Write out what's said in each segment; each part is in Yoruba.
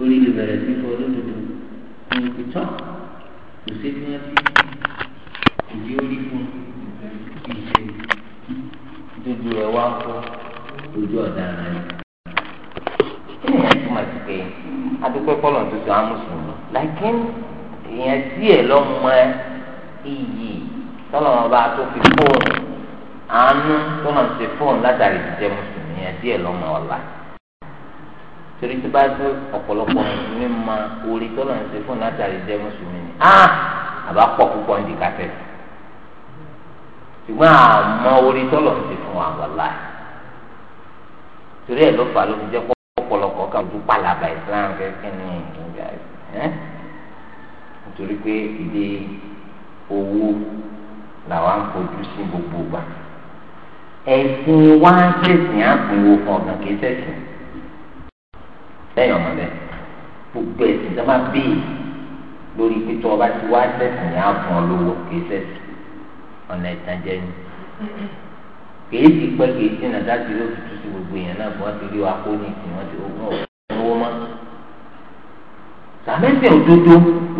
lórí lè bẹ̀rẹ̀ sí fọ lódodo ní ìtọ́ kò sí ní ẹtí ìdí orí fún ìṣe dúdú rẹ̀ wá fọ́ ojú ọ̀daràn yìí. kí ni ẹ̀sùn máa ti pé adúpẹ́ kọ́lọ̀ tó sọ amúsùnmí láìpẹ́ èèyàn sí ẹ̀ lọ́mọ iyì tọ́lọ̀ wọn bá tó fi fóònù àánú tó náà ṣe fóònù látàrí ìjẹ́ mùsùlùmí èèyàn sí ẹ̀ lọ́mọ ọ̀la torí tí bá dé ọ̀pọ̀lọpọ̀ ní ma orí tọ́lọ̀ ń ṣe fún látàrí jẹ́ mùsùlùmí ni á ah! àbá pọ̀ púpọ̀ ń di kásẹ̀ ṣùgbọ́n àmọ́ orí tọ́lọ̀ ń ṣe fún wa wàlá torí ẹ̀ ló fà ló fi jẹ́ ọ̀pọ̀lọpọ̀ ká ojú pàlàbà Islam kẹ́kẹ́ ní ìgbà ẹ̀ nítorí pé ìdí owó làwa ń fojú sí gbogbo gbà ẹ̀sìn wá ń ṣèsìn àpò ìwòfọ̀gàn kì í ṣẹ̀sìn sẹ́yìn ọmọ bẹ́ẹ̀ gbogbo ẹ̀sìn tó máa bèè lórí pípọ̀ ọba ti wá sẹ́sìn yà á fún ọ lówó kìí sẹ́sìn ọ̀nà ìtajà ẹni kìí ti pẹ́ kìí ti nà dájú ló tutù sí gbogbo èèyàn náà bí wọ́n ti rí wa kó ní ìsìn wọn ti ogún ọ̀gbìn owó mọ́ sàmẹ́sìn òdodo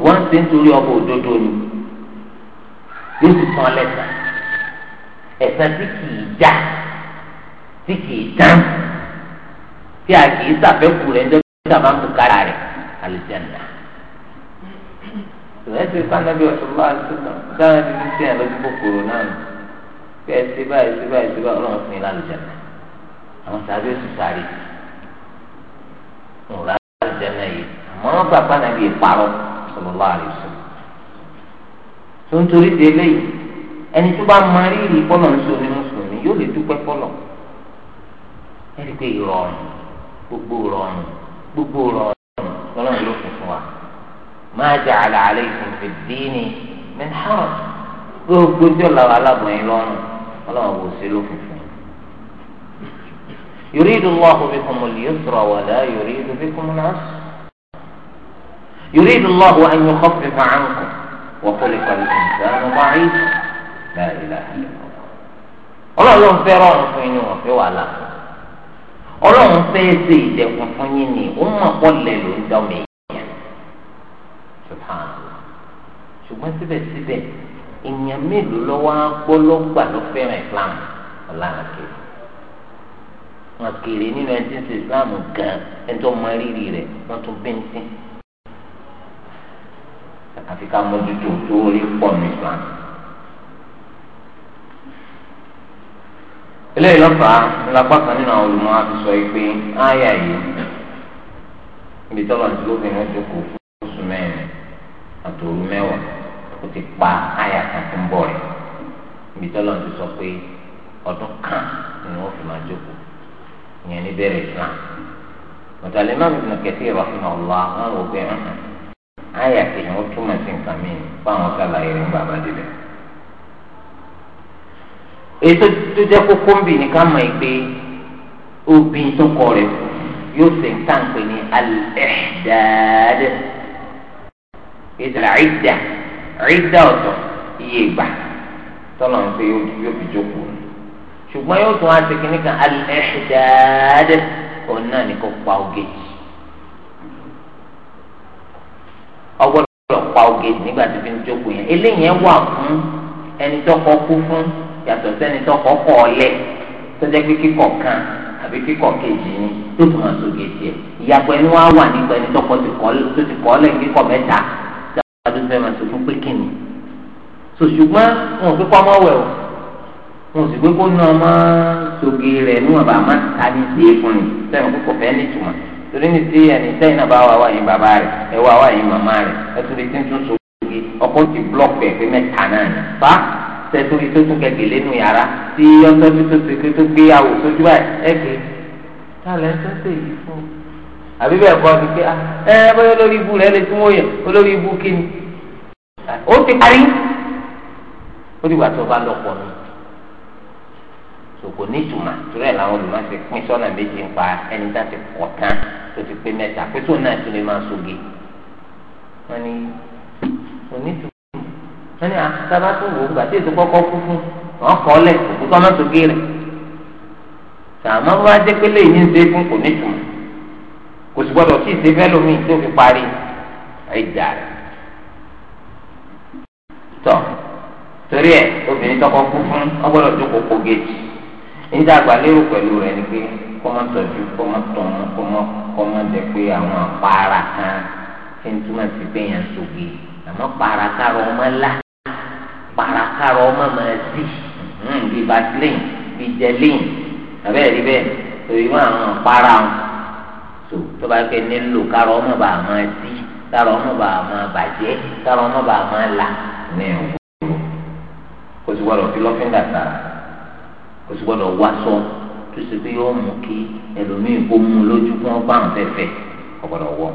wọ́n ń ṣe nítorí ọkọ̀ òdodo ni yóò sì tán lẹ́sà ẹ̀sà tí kìí já tí kìí dán tí a kìí sàfẹ́kù rẹ̀ ń sábà ń kára rẹ̀ alìjẹ́nà. Ìrẹsì Sanabi Ọ̀ṣunlá sára ti fi sẹ́yìn lójú kòkòrò náà nù. Bí ẹ ṣe báyìí ṣe báyìí ṣe báyìí ọlọ́run fún yín lálùjẹ́nà. Àwọn sábẹ́ oṣù sáré. Mo rà alìjẹ́nà yìí. Àmọ́ wọn gbà Sanabi ìparọ́ sọlọ́lá àlùsọ. Tó ń torí di eléyìí, ẹni tó bá mọ rírì bọ́lọ̀ ń sọ Mùsùlùmí yóò lè dúpẹ́ fọ́lọ̀. Ẹ pé ìrọ̀rùn gbogbo ìrọ̀rùn gbogbo ọ̀rọ̀ Ọlọ́run ló fún fún wa máa jẹ àlà àlẹ ìfúnfẹ díìní mẹhàn gbogbo tí ó làwọn alábọ̀yìn lọ́rùn Ọlọ́run kò sí ló fún fún yuridu Allahu bikumul yusra wa la yuridu bikumul usra yuridu Allahu an yukhaffifa ankum wa khuliqa al-insanu da'ifa la ilaha illallah Ọlọ́run ló ń fẹ́ rọrùn fún yín ni wọ́n fẹ́ wàhálà fún ọlọ́run fẹ́ẹ́ ṣe ìdẹ̀kùn fún yín ni ó mọ̀ pọ́lẹ̀ ló ń dọ́ mi. ṣùgbọ́n síbẹ̀síbẹ̀ èèyàn mélòó lọ́wọ́ á gbọ́ lọ́gbà ló fẹ́ràn Islam ọ̀làǹkè wọn kéré nínú ẹni tí ń ṣe Islam gan ẹni tó mọ rírì rẹ̀ wọ́n tún bẹ́ńtín àfi ká mójútó tó rí pọ̀ ní Islam. eléyìí lọ́fàá lápá kan nínú àwọn olùmọ̀ àti sọ yìí pé áyà yìí ibi tọ́lọ̀ ti lóbìnrin ojú kò fún oṣù mẹ́rin mẹ́wàá ó ti pa áyà kan tó ń bọ̀ rẹ̀ ti sọ pé ọdún kan ni wọ́n fi máa jókòó ìyẹn ní Islam mọ̀tàlẹ́ máa èyí tó tó jẹ́ kókó ń bì ní ká mọ̀ pé obì tó kọ rẹ̀ yóò ṣe ń tàǹpẹ̀ ní al-ihdad ìdàlá ìdà ìdà ọ̀tọ̀ iye ìgbà tọ́lọ̀ ń pé yóò fi jókòó ṣùgbọ́n yóò tún wá ṣe kínní kan al-ihdad òun náà ní kó pa ògèjì ọgbọ́dọ̀ pa ògèjì nígbà tó fi ń jókòó yẹn eléyìí wà fún ẹni kú fún yàtọ̀ sẹ́ni tó kọ́kọ́ ọ̀lẹ́ tó jẹ́ pé kíkọ̀ kan àbí kíkọ̀ kejì ni tó tún máa sọ gèdè ẹ̀ ìyàpọ̀ ẹni wá wà nípa ẹni tó ti kọ́ ọ̀lẹ́ kíkọ̀ mẹ́ta tí a tó fẹ́ máa sọ fún pé kíni. sò wọn ò fi kọ́ ọmọ wẹ̀ o wọn ò sì gbé kó nu ọmọ sọ̀gì rẹ̀ níwọ̀n bá má ta ní sí èkó ni sẹ́yìn kókò fẹ́ ní ìtumọ̀ torí ní sí ẹni sẹ́yìn náà bá wà wáyé bàbá rẹ̀ ẹ wà wáyé màmá rẹ̀ ẹ tún lè ti ń tún sọ̀gì ọkọ̀ ti tẹ̀tún rí tó tún kẹ̀kẹ́ lẹ́nu yàrá tí ọtọ́jú tó ti pé tó gbéyàwó sójú báyìí ẹ̀ fi tó ṣe yìí fún àbí bẹ́ẹ̀ kọ́ ni pé ah, ẹ bóyá olórí ibu rẹ̀ lè tún wòye olórí ibu kíni ó ti parí ó ti wà tó bá lọ pọ̀ nù sòkò ní ìtumà torí ẹ̀ làwọn olùmọ̀ ti pín sọ́nà méjì ń pa ẹni tá ti pọ̀ tán tó ti pé mẹ́ta pé tó náà tún lè máa soge wọ́n ní onítùmọ̀ wọ́n ní àtàbà tó wò ó gbà tí èso kọ́kọ́ kú fún wọn kọ́ lẹ̀ òkú tó má sókè rẹ̀ sàmọ́ wá jẹ́ pé lẹ́yìn ṣe fún kò ní tùmọ̀ kò sì gbọ́dọ̀ tí ìṣe fẹ́ lómi tó fi parí ẹ̀dà rẹ̀ tọ́ torí ẹ̀ obìnrin tọkọ kú fún ọgbọ́dọ̀ tó kókó géèjì níta àgbàlérò pẹ̀lú rẹ̀ ni pé kọ́ mọ́ tọ́jú kọ́ mọ́ tọ̀nà kọ́ mọ́ kọ́ mọ́ jẹ́ pé àwọn àpárá kan tí ń túmọ̀ sí pé yẹn sóge àmọ́ pàrà kárọ̀ ọmọ ńlá parakara ọmọ máa zi hmm, bí vaseline bí gelin abe rí bẹ́ẹ̀ torí wọn àwọn para wọn so tó bá fẹ́ nílò kára ọmọ bá máa zi kára ọmọ bá máa bàjẹ́ kára ọmọ bá máa là ní ẹ̀wọ̀n kò sì gbọdọ̀ fi lọ́fíńdà sára kò sì gbọdọ̀ wá sọ tó ṣe pé yóò mú lójú kí wọ́n bá àwọn fẹ́fẹ́ ọ̀gbọ̀dọ̀ wọ̀.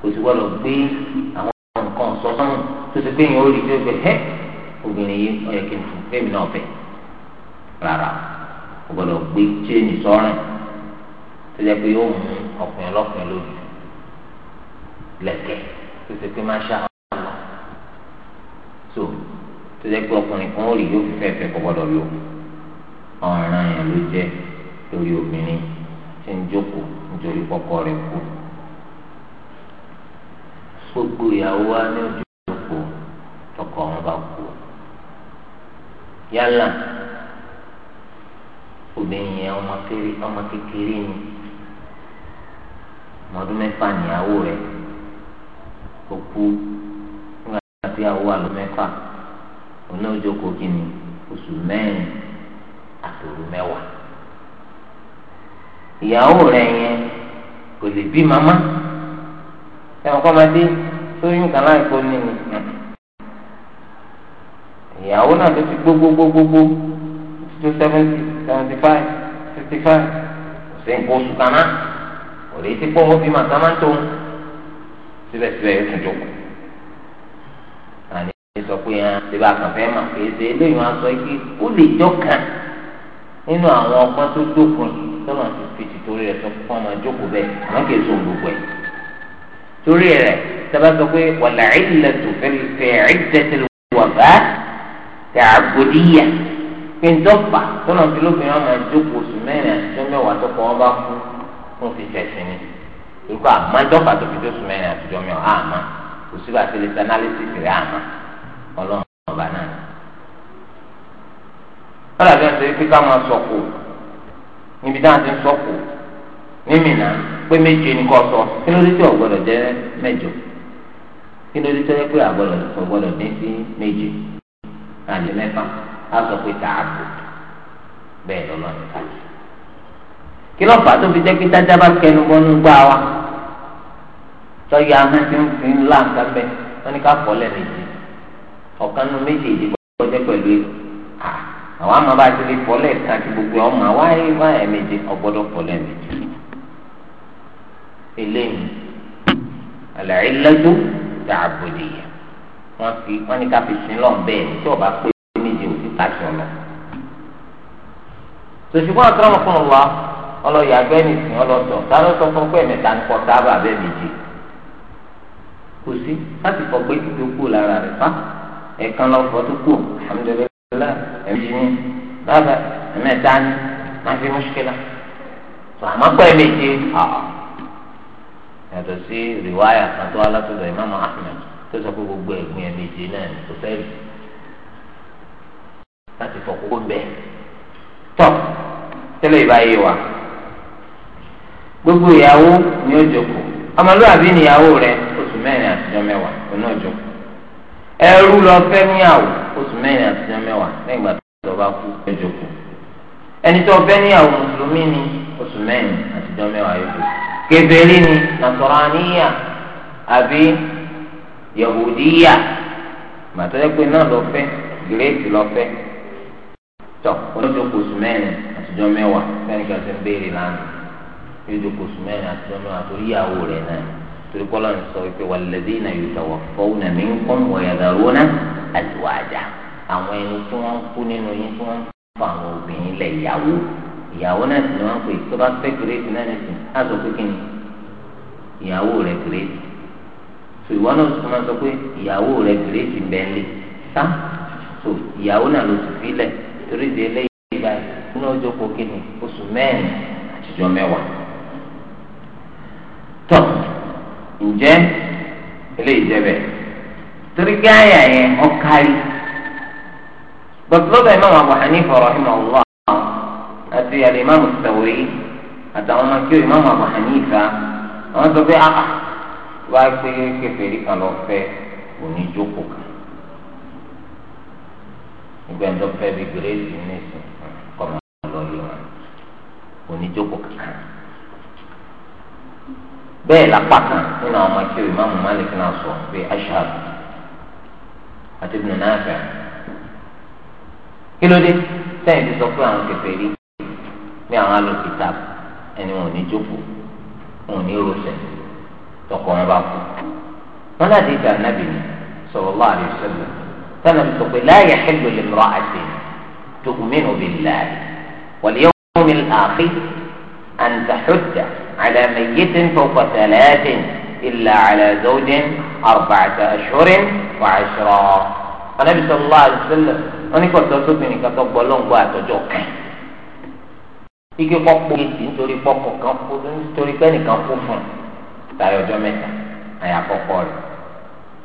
kò sì gbé àwọn kan sọ fún mi tó ti pé yẹn ó rí i pé hẹ́ obìnrin yìí ọ̀yẹ́ kí n fún bẹ́ẹ̀ náà bẹ̀ rárá o gbọ́dọ̀ gbé chéènì sọ́rùn tó jẹ́ pé yóò mú ọkùnrin ọlọ́kùnrin lójú lẹ̀kẹ́ tó ti pé máa ṣá lọ so tó jẹ́ pé ọkùnrin kan ó rí yóò fi fẹ́ẹ̀fẹ́ kọ́ gbọ́dọ̀ yó ọ̀ràn yẹn ló jẹ́ lórí obìnrin tí ń jókòó nítorí kọ́kọ́ rẹ̀ kú. gbogbo ìyàwó wa ní ojú ìdókòó tọkọ wọn bá kú yálà obìnrin yẹn ọmọ kékeré ni ọmọdún mẹ́fà níyàwó rẹ̀ kò kú nígbà tí ìyàwó wà lọ mẹ́fà òun náà jókòó kìíní oṣù mẹ́rin àtòrò mẹ́wàá ẹ̀wọ̀n kọ́mọdé lóyún kan láì kó ní ni ìyàwó náà tó ti gbogbogbogbogbò tó seventy seventy five fifty five ṣe ń kó oṣù ti pọ́ wọ́n fi máa ń tó síbẹ̀síbẹ̀ yóò tún jókòó sọ pé yẹn ṣe bá kàn fẹ́ mà pé ṣe eléyìí wọn sọ pé ó lè jọ kàn nínú àwọn ọgbọ́n tó dókun tó náà ti fi tìtorí rẹ̀ sọ fún ọmọ bẹ́ẹ̀ kì í torí rẹ̀ sábà sọ pé wàlà ìlẹ̀tù fẹ̀ẹ́ ìdẹ̀tẹ̀ wọ̀bá tààbòdìyà pé ń dọ́fà tọ́nà tí lóbìnrin ọmọ ìjókòó oṣù mẹ́rin àti mẹ́wàá tó kọ́ wọn bá kú fún fífẹ́ sínú ìkọ́ àmọ́ dọ́fà tó fi tó oṣù mẹ́rin àti jọmọ àmọ́ kò síbi àtẹlẹsẹ analysis rẹ̀ àmọ́ ọlọ́run ọba náà. wọ́n dàbí ọ̀sẹ̀ pé ká máa sọ̀kò níbi dáhùn ti ń sọ̀kò. mímìnà pé méje ni kò sọ kí ló dé tí ọ̀gbọ́dọ̀ jẹ́ mẹ́jọ kí ló dé tí ọ̀gbọ́dọ̀ pé àgbọ́dọ̀ ọ̀gbọ́dọ̀ dín sí méje àlè mẹ́fà á sọ pé tààbù bẹ́ẹ̀ lọ́nà ìkàlẹ̀ kí ló fà á tó fi jẹ́ pé dájá bá kẹnu bọ́nú gbá wa tọ́yọ ti ń fi nǹkan ká nu méje ìdìbò àwọn eléyìí àlàyélẹ́dú dàbòdìyà wọ́n fi wọ́n ní ká fi sin lọ́n bẹ́ẹ̀ tí ọba pé méje òsì pàṣẹ ọ̀nà. sòṣùgbọ́n àtúrọ̀ mọ̀ fún wa ọlọ́yà gbẹ́ni sìn ọlọ́tọ̀ ta ló sọ fún pé ẹ̀mẹ́ta ń kọ́ sábà bẹ́ẹ̀ méje kò sí láti fọ pé tó kú lára rẹ̀ fá ẹ̀kan lọ fọ́ tó kú alhamdulillah ẹ̀mí ni lábẹ́ ẹ̀mẹ́ta ni má fi mú ṣe sọ àmọ́ pẹ́ méje àá yàtọ̀ sí rìwáyà kan tó alátọ̀dọ̀ ìmáàmù Ahmed tó sọ pé gbogbo ẹ̀gbìn ẹ̀ méje náà ní kò sẹ́ẹ̀lì láti fọkókó bẹ́ẹ̀ tọ́ tẹ́lẹ̀ ìbáyé wa gbogbo ìyàwó ni ó jókòó ọmọlúwàbí níyàwó rẹ oṣù mẹ́rin àtijọ́ mẹ́wàá òun náà jókòó ẹrú lọ fẹ́ níyàwó oṣù mẹ́rin àtijọ́ mẹ́wàá lẹ́yìn ìgbà tó bá kú ó jókòó ẹni tó fẹ́ níyàwó mùsùlùmí ni oṣù mẹ́rin àtijọ́ mẹ́wàá yóò kébélì ni nasọ̀rọ̀níyà àbí yahudiya màtọ́jà pé náà lọ fẹ́ gírèsì lọ fẹ́ tọ́ oníjókòó oṣù mẹ́rin àtijọ́ mẹ́wàá fẹ́ni kí a ti ń béèrè lánàá oníjókòó oṣù mẹ́rin àtijọ́ mẹ́wàá torí ìyàwó rẹ̀ náà torí kọ́lá ń sọ wípé walladhina yutawaffawna minkum wa yadharuna azwaja àwọn ẹni tí wọ́n kú nínú yín tí wọ́n ń fa àwọn obìnrin lẹ̀ yàwó ìyàwó náà sì ni wọ́n pè tó bá fẹ́ kìrèsì náà nìsín á sọ pé kí ni ìyàwó rẹ̀ kìrèsì so ìwọ náà tó máa sọ pé ìyàwó rẹ̀ kìrèsì bẹ́ẹ̀lì sá so ìyàwó náà ló ti filẹ̀ torí di eléyìí báyìí fún ọjọ́ kó kí ni oṣù mẹ́rin àtijọ́ mẹ́wàá tọ́ ǹjẹ́ eléyìí jẹ́ bẹ́ẹ̀ torí gáyà yẹn ọ̀kárí bàtúrọ̀bà Imam Abu Hanifa rahimahullah àti alimami sawuri àtàwọn ọmọ kíó imamu abu hanifa àwọn sọ pé ah, ah wá pé kèfèrí kan lọ fẹ́ oníjókòó kan nígbà tó fẹ́ bí gírèsì nìsín kọ́mọ lọ yé wọn oníjókòó kankan bẹ́ẹ̀ lápá kan nínú àwọn ọmọ kíó imamu malik náà sọ pé aṣáájú àti ibùdó náà fẹ́ kí ló dé sẹ́yìn ti sọ pé àwọn kèfèrí pé àwọn alòkìtà ẹni wọn ò ní jókòó wọn ò ní rọṣẹ tọkọ wọn bá kú wọn láti ìdá nàbì ni sallallahu alaihi wasallam sọlá mi sọ pé la yahillu limra'atin tu'minu billahi wal yawmil akhir an tahudda ala mayyitin fawqa thalathin illa ala zawjin arba'ata ashhurin wa 'ashra. wọn nàbì sallallahu alaihi wasallam wọn ní kò tọ́ sóbìnrin kan tó gbọ́ lọ́ngbọ́ àtọ́jọ́ kan igi kpọkpọ kejì nítorí kpọkọ kan kú nítorí kẹ́nìkan kú fún un tayọ ọjọ́ mẹ́ta àyà kọ́kọ́ rẹ̀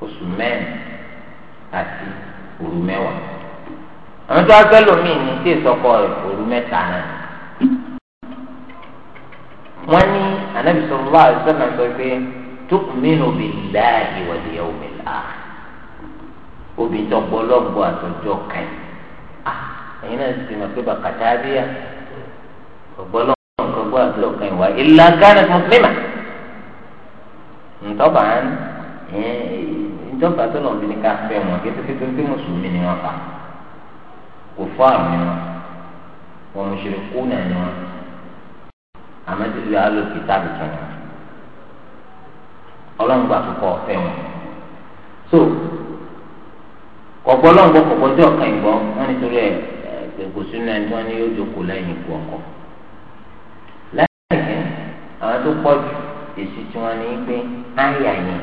oṣù mẹ́rin àti òru mẹ́wàá àwọn tó akẹ́ lomi ní tí ìsọkọ rẹ̀ òru mẹ́ta náà wọ́n ní anabi sallallahu alaihi wasallam sọ pé tu'minu billahi wal yawmil akhir obìnrin tó gbọ́ lọ́gbọ́ àtọ́jọ́ kan ah, ẹ̀yin náà sì mọ̀ pé bàkàtà bíyà ọ̀gbọ́lọ́ nǹkan gbọ́ àti ọ̀kan ìwà ìlà gánà mùsùlùmá ntọ́ba ìjọba tó lọ́n bí ní ká fẹ́ wọn kété kété tí mùsùlùmí ni wọ́n fà kò fọ́ àmì wọn wọn mo ṣe kú náà ni wọn àmọ́ tí ìlú tó wọn ọlọ́run gbà tó kọ́ ọ̀fẹ́ wọn so kọ̀gbọ́lọ́ngbọ́ kọ̀gbọ́jọ́ kan ìgbọ́ wọn nítorí ẹ̀ gbogbo sínú ẹni tí wọ́n ní yóò jókòó lẹ́yìn ikú ọkọ̀ àwọn tó pọ̀ jù èsì tí wọ́n ní pé áyà yẹn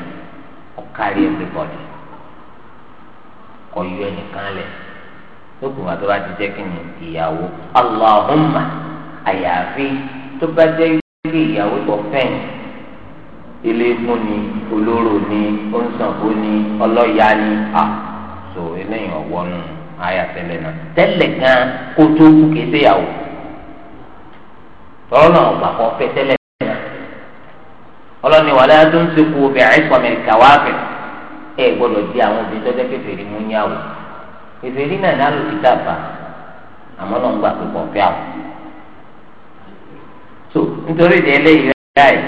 ọ̀kárí everybody kọ̀ yọ ẹnìkan lẹ̀ lókùn àti wá ti jẹ́ kí ni ìyàwó Allahumma àyàfi tó bá jẹ́ ilé ìyàwó tó fẹ́yìn eléégún ni olóró ni oníṣàngó ni ọlọ́yà ni à so eléyìn ọ̀wọ́ nù àyà tẹ́lẹ̀ náà tẹ́lẹ̀ gan kó tó kù kéde ìyàwó tọ́lọ́ náà ọ̀gbà kan fẹ́ tẹ́lẹ̀ ọlọ́ni wàlẹ́ tó ń sekú bẹ̀rẹ̀ sọ̀mẹ̀ kàwáfẹ̀ ẹ gbọ́dọ̀ di àwọn obìnrin tó jẹ́ kẹfẹ́rì mú ní àwọ̀ kẹfẹ́rì náà ní alòkè dàbà àmọ́ náà ń gbà pé pọ̀ fẹ́ àwọ̀ so nítorí ìdí ẹlẹ́yìí rẹ̀ ẹ̀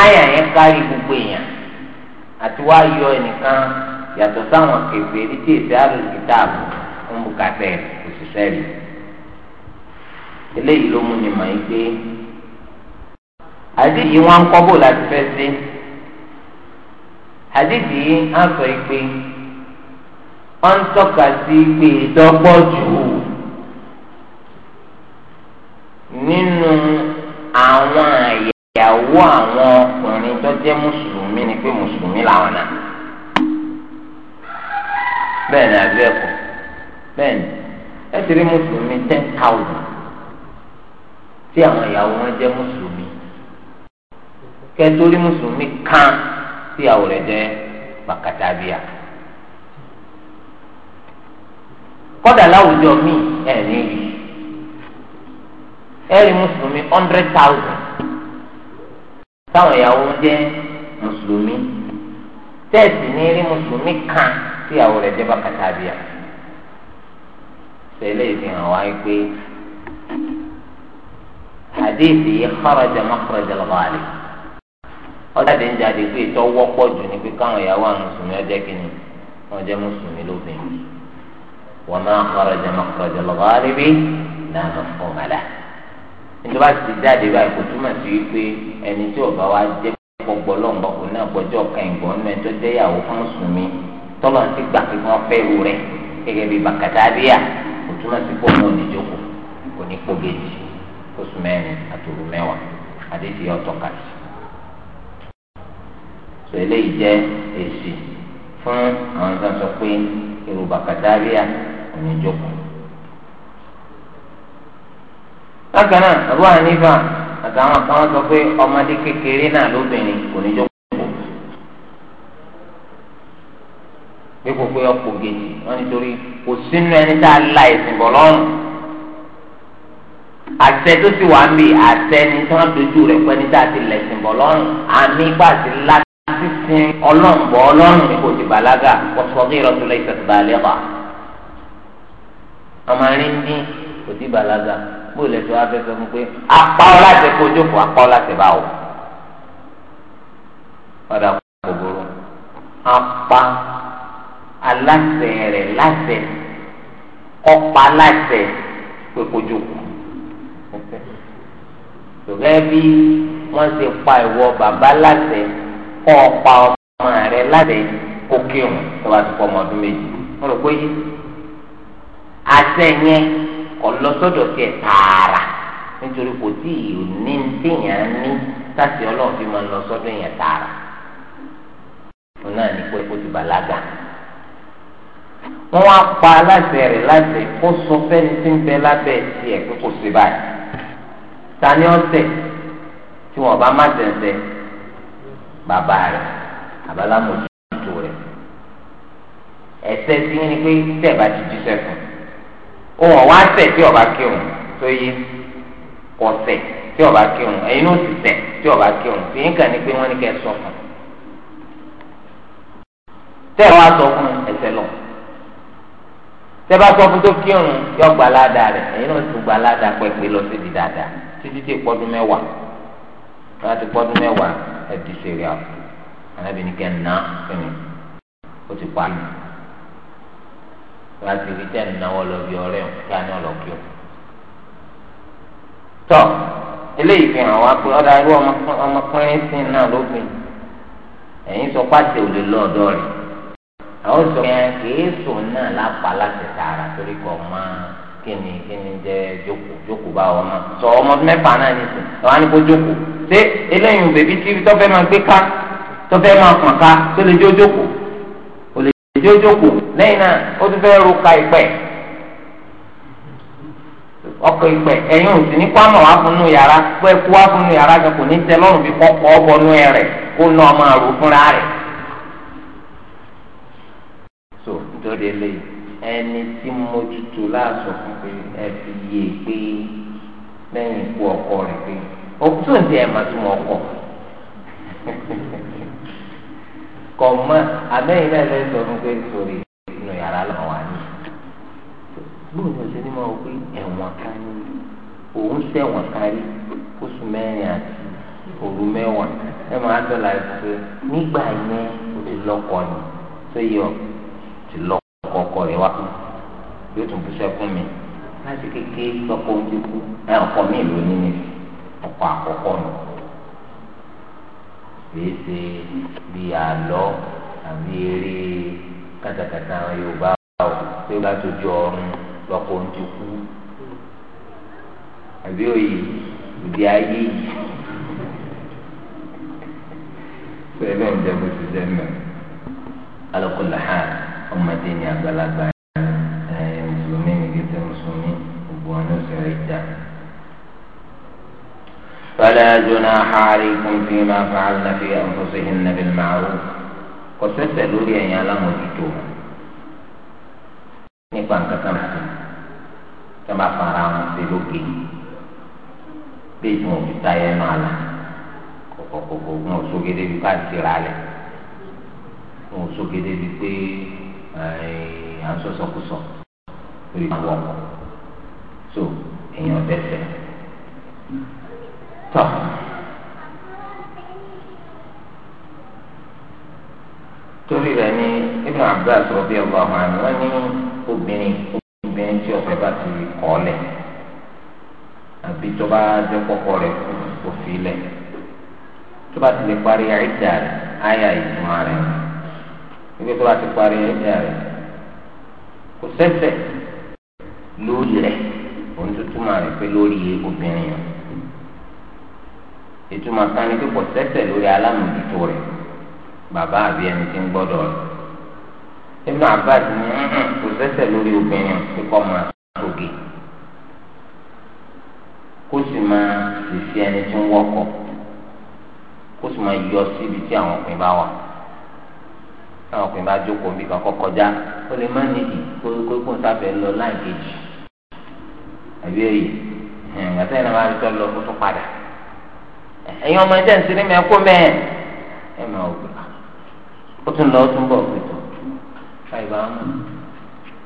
áyà yẹn kárí gbogbo èèyàn àti wá yọ ẹnìkan yàtọ̀ sáwọn kẹfẹ́rì tí èsì alòkè dàbà ń bùkátẹ̀ òṣìṣẹ́ rẹ̀ eléyìí ló mú ni màá yí pé hadith yìí wọn kọ́ bò láti fẹ́ sí hadith yìí á sọ ìpè ọ̀ ń tọ́ka sí pé ìdọ́gbọ́ jù nínú àwọn àyàwó àwọn ọkùnrin tó jẹ́ mùsùlùmí ni pé mùsùlùmí làwọn náà bẹ́ẹ̀ ni àbí ẹ̀kọ́ bẹ́ẹ̀ ni ẹ ti rí mùsùlùmí ten thousand tí àwọn ìyàwó wọn jẹ́ mùsùlùmí kẹntori mùsùlùmí kan tíyàwó rẹ̀ jẹ́ bàkàtàbíà kódà láwùjọ míì ẹ níbi ẹrí mùsùlùmí hundred thousand táwọn ìyàwó jẹ́ mùsùlùmí tẹ́ẹ̀sì ní rí mùsùlùmí kan tíyàwó rẹ̀ jẹ́ bàkàtàbíà tẹ́lẹ̀ ìfihàn wáyé pé hadithi yìí kharaja makhraja al-ghalib ọ̀dàdé ń jáde pé ìtọ́ wọ́pọ̀ jù ní pé káwọn ìyàwó àwọn mùsùlùmí ọjọ́ kìíní wọn jẹ́ mùsùlùmí lóbìnrin wọn máa kọ́rọ̀jà máa kọ́rọ̀jà lọ́wọ́ àríwí lànà fọ́nmàlà nítorí bá ti jáde báyìí kò túmọ̀ sí wípé ẹni tí ọba wa jẹ́ gbogbo ọlọ́ngbọ́n kò ní àgbọ̀jọ́ kẹ̀ǹgbọ́n nínú ẹjọ́ jẹ́ ìyàwó fún mùsùlùmí tọ́lọ̀ ti gbà pé wọ́n fẹ́ ru rẹ̀ gẹ́gẹ́ bí tẹ̀lé ìjẹ́ èsì fún àwọn tó ń sọ pé èrò bàkàtàríà oníjókòó. bákan náà Abu Hanifa àtàwọn kan sọ pé ọmọdé kékeré náà lóbìnrin oníjókòó. pé gbogbo ọkọ̀ gèjì wọn nítorí kò sínú ẹni tá a la ẹ̀sìn bọ̀ lọ́rùn àṣẹ tó sì wà ń bì àṣẹ ni tí wọn dojú rẹ pé ní dáàtì lẹsìn bọ lọrùn àmì ipá àti ńlá àti sin ọlọ́ǹgbọ́ ọlọ́run ní kò ti bàlágà wọ́sọ̀gé ìrọ̀tulẹ̀ ìfẹ̀sìbàlẹ̀ wà. ọmọ rí ní kò ti bàlágà bóyá lẹ́tọ́ afẹ́fẹ́ fún pé apá ọlá tẹ kó jókòó apá ọlá tẹ bá wò. ọ̀dà kòkòrò apá aláṣẹ rẹ̀ láṣẹ kọ́pa láṣẹ pé kó jókòó. tòkẹ́ bí wọ́n ṣe pa ìwọ bàbá láṣẹ. kọ́ ọ pa ọmọ rẹ lábẹ́ òkè ọ̀hún tó bá ti pọ̀ ọmọ ọdún méjì wọ́n rò pé yí yẹn kọ́ lọ tààrà nítorí kò tí ì ní téèyàn ní ọlọ́run fi máa lọ sọ́dọ̀ tààrà náà ní pé ó ti bàlágà wọ́n wá pa aláṣẹ láṣẹ kó sọ tí ń bẹ pé bàbá rẹ̀ àbálámójútó rẹ̀ ẹsẹ̀ sí ni pé tẹ̀ bá ti jíṣẹ́ fún ohun ọ̀wá tẹ̀ tí ọba kírun tó yé kọ̀ọ̀tẹ̀ tí ọba kírun ẹ̀yin ó sì tẹ̀ tí ọba kírun tí yín kàn ní pé wọ́n ní kẹ́ ẹ sọ fún tẹ̀ wá sọ fún ẹsẹ̀ lọ tẹ́ bá sọ fún tó kírun yọ gba aládàá rẹ̀ ẹ̀yin ó sì gba aládàá pẹ̀pẹ̀ lọ síbi dáadáa títí tí ìpọ́dún mẹ́wàá láti pọ́dún mẹ́wàá ẹdì sèré àpò anábìíní kẹ ǹnà ẹni ó ti pa ni láti rí tẹ́ ǹnáwó lọ bí ọ̀rẹ́ ọ̀ kí á ní ọlọ́kí ọ̀ tọ́ eléyìí fi hàn wá pé ọ̀dà irú ọmọkùnrin sí náà lópin ẹ̀yin sọ pàṣẹ òde lọ́ọ̀dọ́ rẹ̀ àwọn sọ yẹn kìí sùn náà lápá láti tààrà torí kọ́ máa kíni kíni jẹ́ jókòó jókòó bá ọmọ sọ ọmọ mẹ́fà náà nìsín ẹ̀ wá ní kó jókòó. ṣé eléyìn bèbí tí tó fẹ́ máa gbé ká tó fẹ́ máa kàn ká tó lè jó jókòó kò lè jó jókòó lẹ́yìn náà ó tún fẹ́ ro ka ìpẹ́ ọkọ̀ ìpẹ́ ẹ̀yìn ò sì ní kó àmọ̀ wá yàrá kó wá yàrá kò ní tẹ lọ́rùn bí kọ́kọ́ rẹ̀ ọmọ àrò fúnra rẹ̀. so nítorí eléyìí ẹni tí fún pé ẹ fi e pé lẹ́yìn ikú ọkọ rẹ̀ pé. òtún ń tẹ ẹ̀ma tó mọ̀ ọkọ̀ kọ̀ mọ́ àbẹ́yìn náà lè sọ fún pé sórí inú yàrá lọ́wọ́ wa ní. bóun ni ọ̀sẹ̀ ni mo wọ pé ẹ̀wọ̀n kan ní òun sẹ̀wọ̀n kárí oṣù mẹ́rin àti òru mẹ́wàá ẹ̀ máa dọ̀là ìfẹ́ nígbà yẹn o ti lọ́kọ̀ ni tó yẹ ọ ti lọ́kọ̀ ọkọ rẹ wá yóò tún bú sẹ́kún mi láti kékeré lọ́kọ̀ ojú kú ẹ̀ ọkọ̀ mi ìlú nínú ìfẹ́ ọ̀pọ̀ àkọ́kọ́ nù kìí ṣe bí àlọ́ àbí eré kátàkátà àwọn Yorùbá ò tí ó bá tójú ọrùn lọ́kọ̀ ń ti kú àbí òye òde ayé yìí sọ ẹgbẹ́ ìjẹun ti alọ́kùnrin hàn ọmọdé ní àgbàlagbà. فلا جناح عليكم فيما فعلن في أنفسهن بالمعروف قصت لوري أن يعلم وجدوه نقوان كتم كما فعلان سلوكي بيجمو بتايا مالا kọkọkọkọ wọn sókè débi ká tìrà lẹ wọn sókè débi pé à ń sọsọkúsọ lórí àwọn ọkọ so èèyàn tẹsẹ tán. torí rẹ̀ ní Ibn Abbas radiyallahu anhu wọ́n ní obìnrin obìnrin tí ọ̀fẹ́ bá ti kọ́ lẹ̀ àbí tó bá jẹ́ kọ́kọ́ rẹ̀ kò fi lẹ̀ tó bá ti lè parí àìjà rẹ̀ àyà ìtumọ̀ rẹ̀ ibi tó bá ti parí àìjà rẹ̀ kò sẹ́sẹ̀ lórí rẹ̀ òun tó túmọ̀ rẹ̀ pé lórí obìnrin yẹn ìtumọ̀ kan ní pípọ̀ sẹ́sẹ̀ lórí alámòjútó rẹ̀ bàbá àbí ẹni tí ń gbọ́dọ̀ rẹ̀ Ibn Abbas ní kò sẹ́sẹ̀ lórí obìnrin kíkọ́ máa sókè kó sì máa sèse ẹni tí ń wọ́kọ̀ kó sì máa yọ síbi tí àwọn ọkùnrin bá wà táwọn ọkùnrin bá jókòó bí kan kọkọjá ó lè má nídìí kó kó ń sáfẹ́ lọ láì kejì àbí èyí ẹ̀ ǹgbà sẹ́yìn náà bá rí tọ́ lọ kó tó padà ẹ̀yin ọmọ ẹ̀jẹ̀ ń sinmi mẹ́ kó mẹ́ ẹ̀ máa gbà ó tún lọ ó tún bọ̀ pẹ̀tọ́ àìbá mọ̀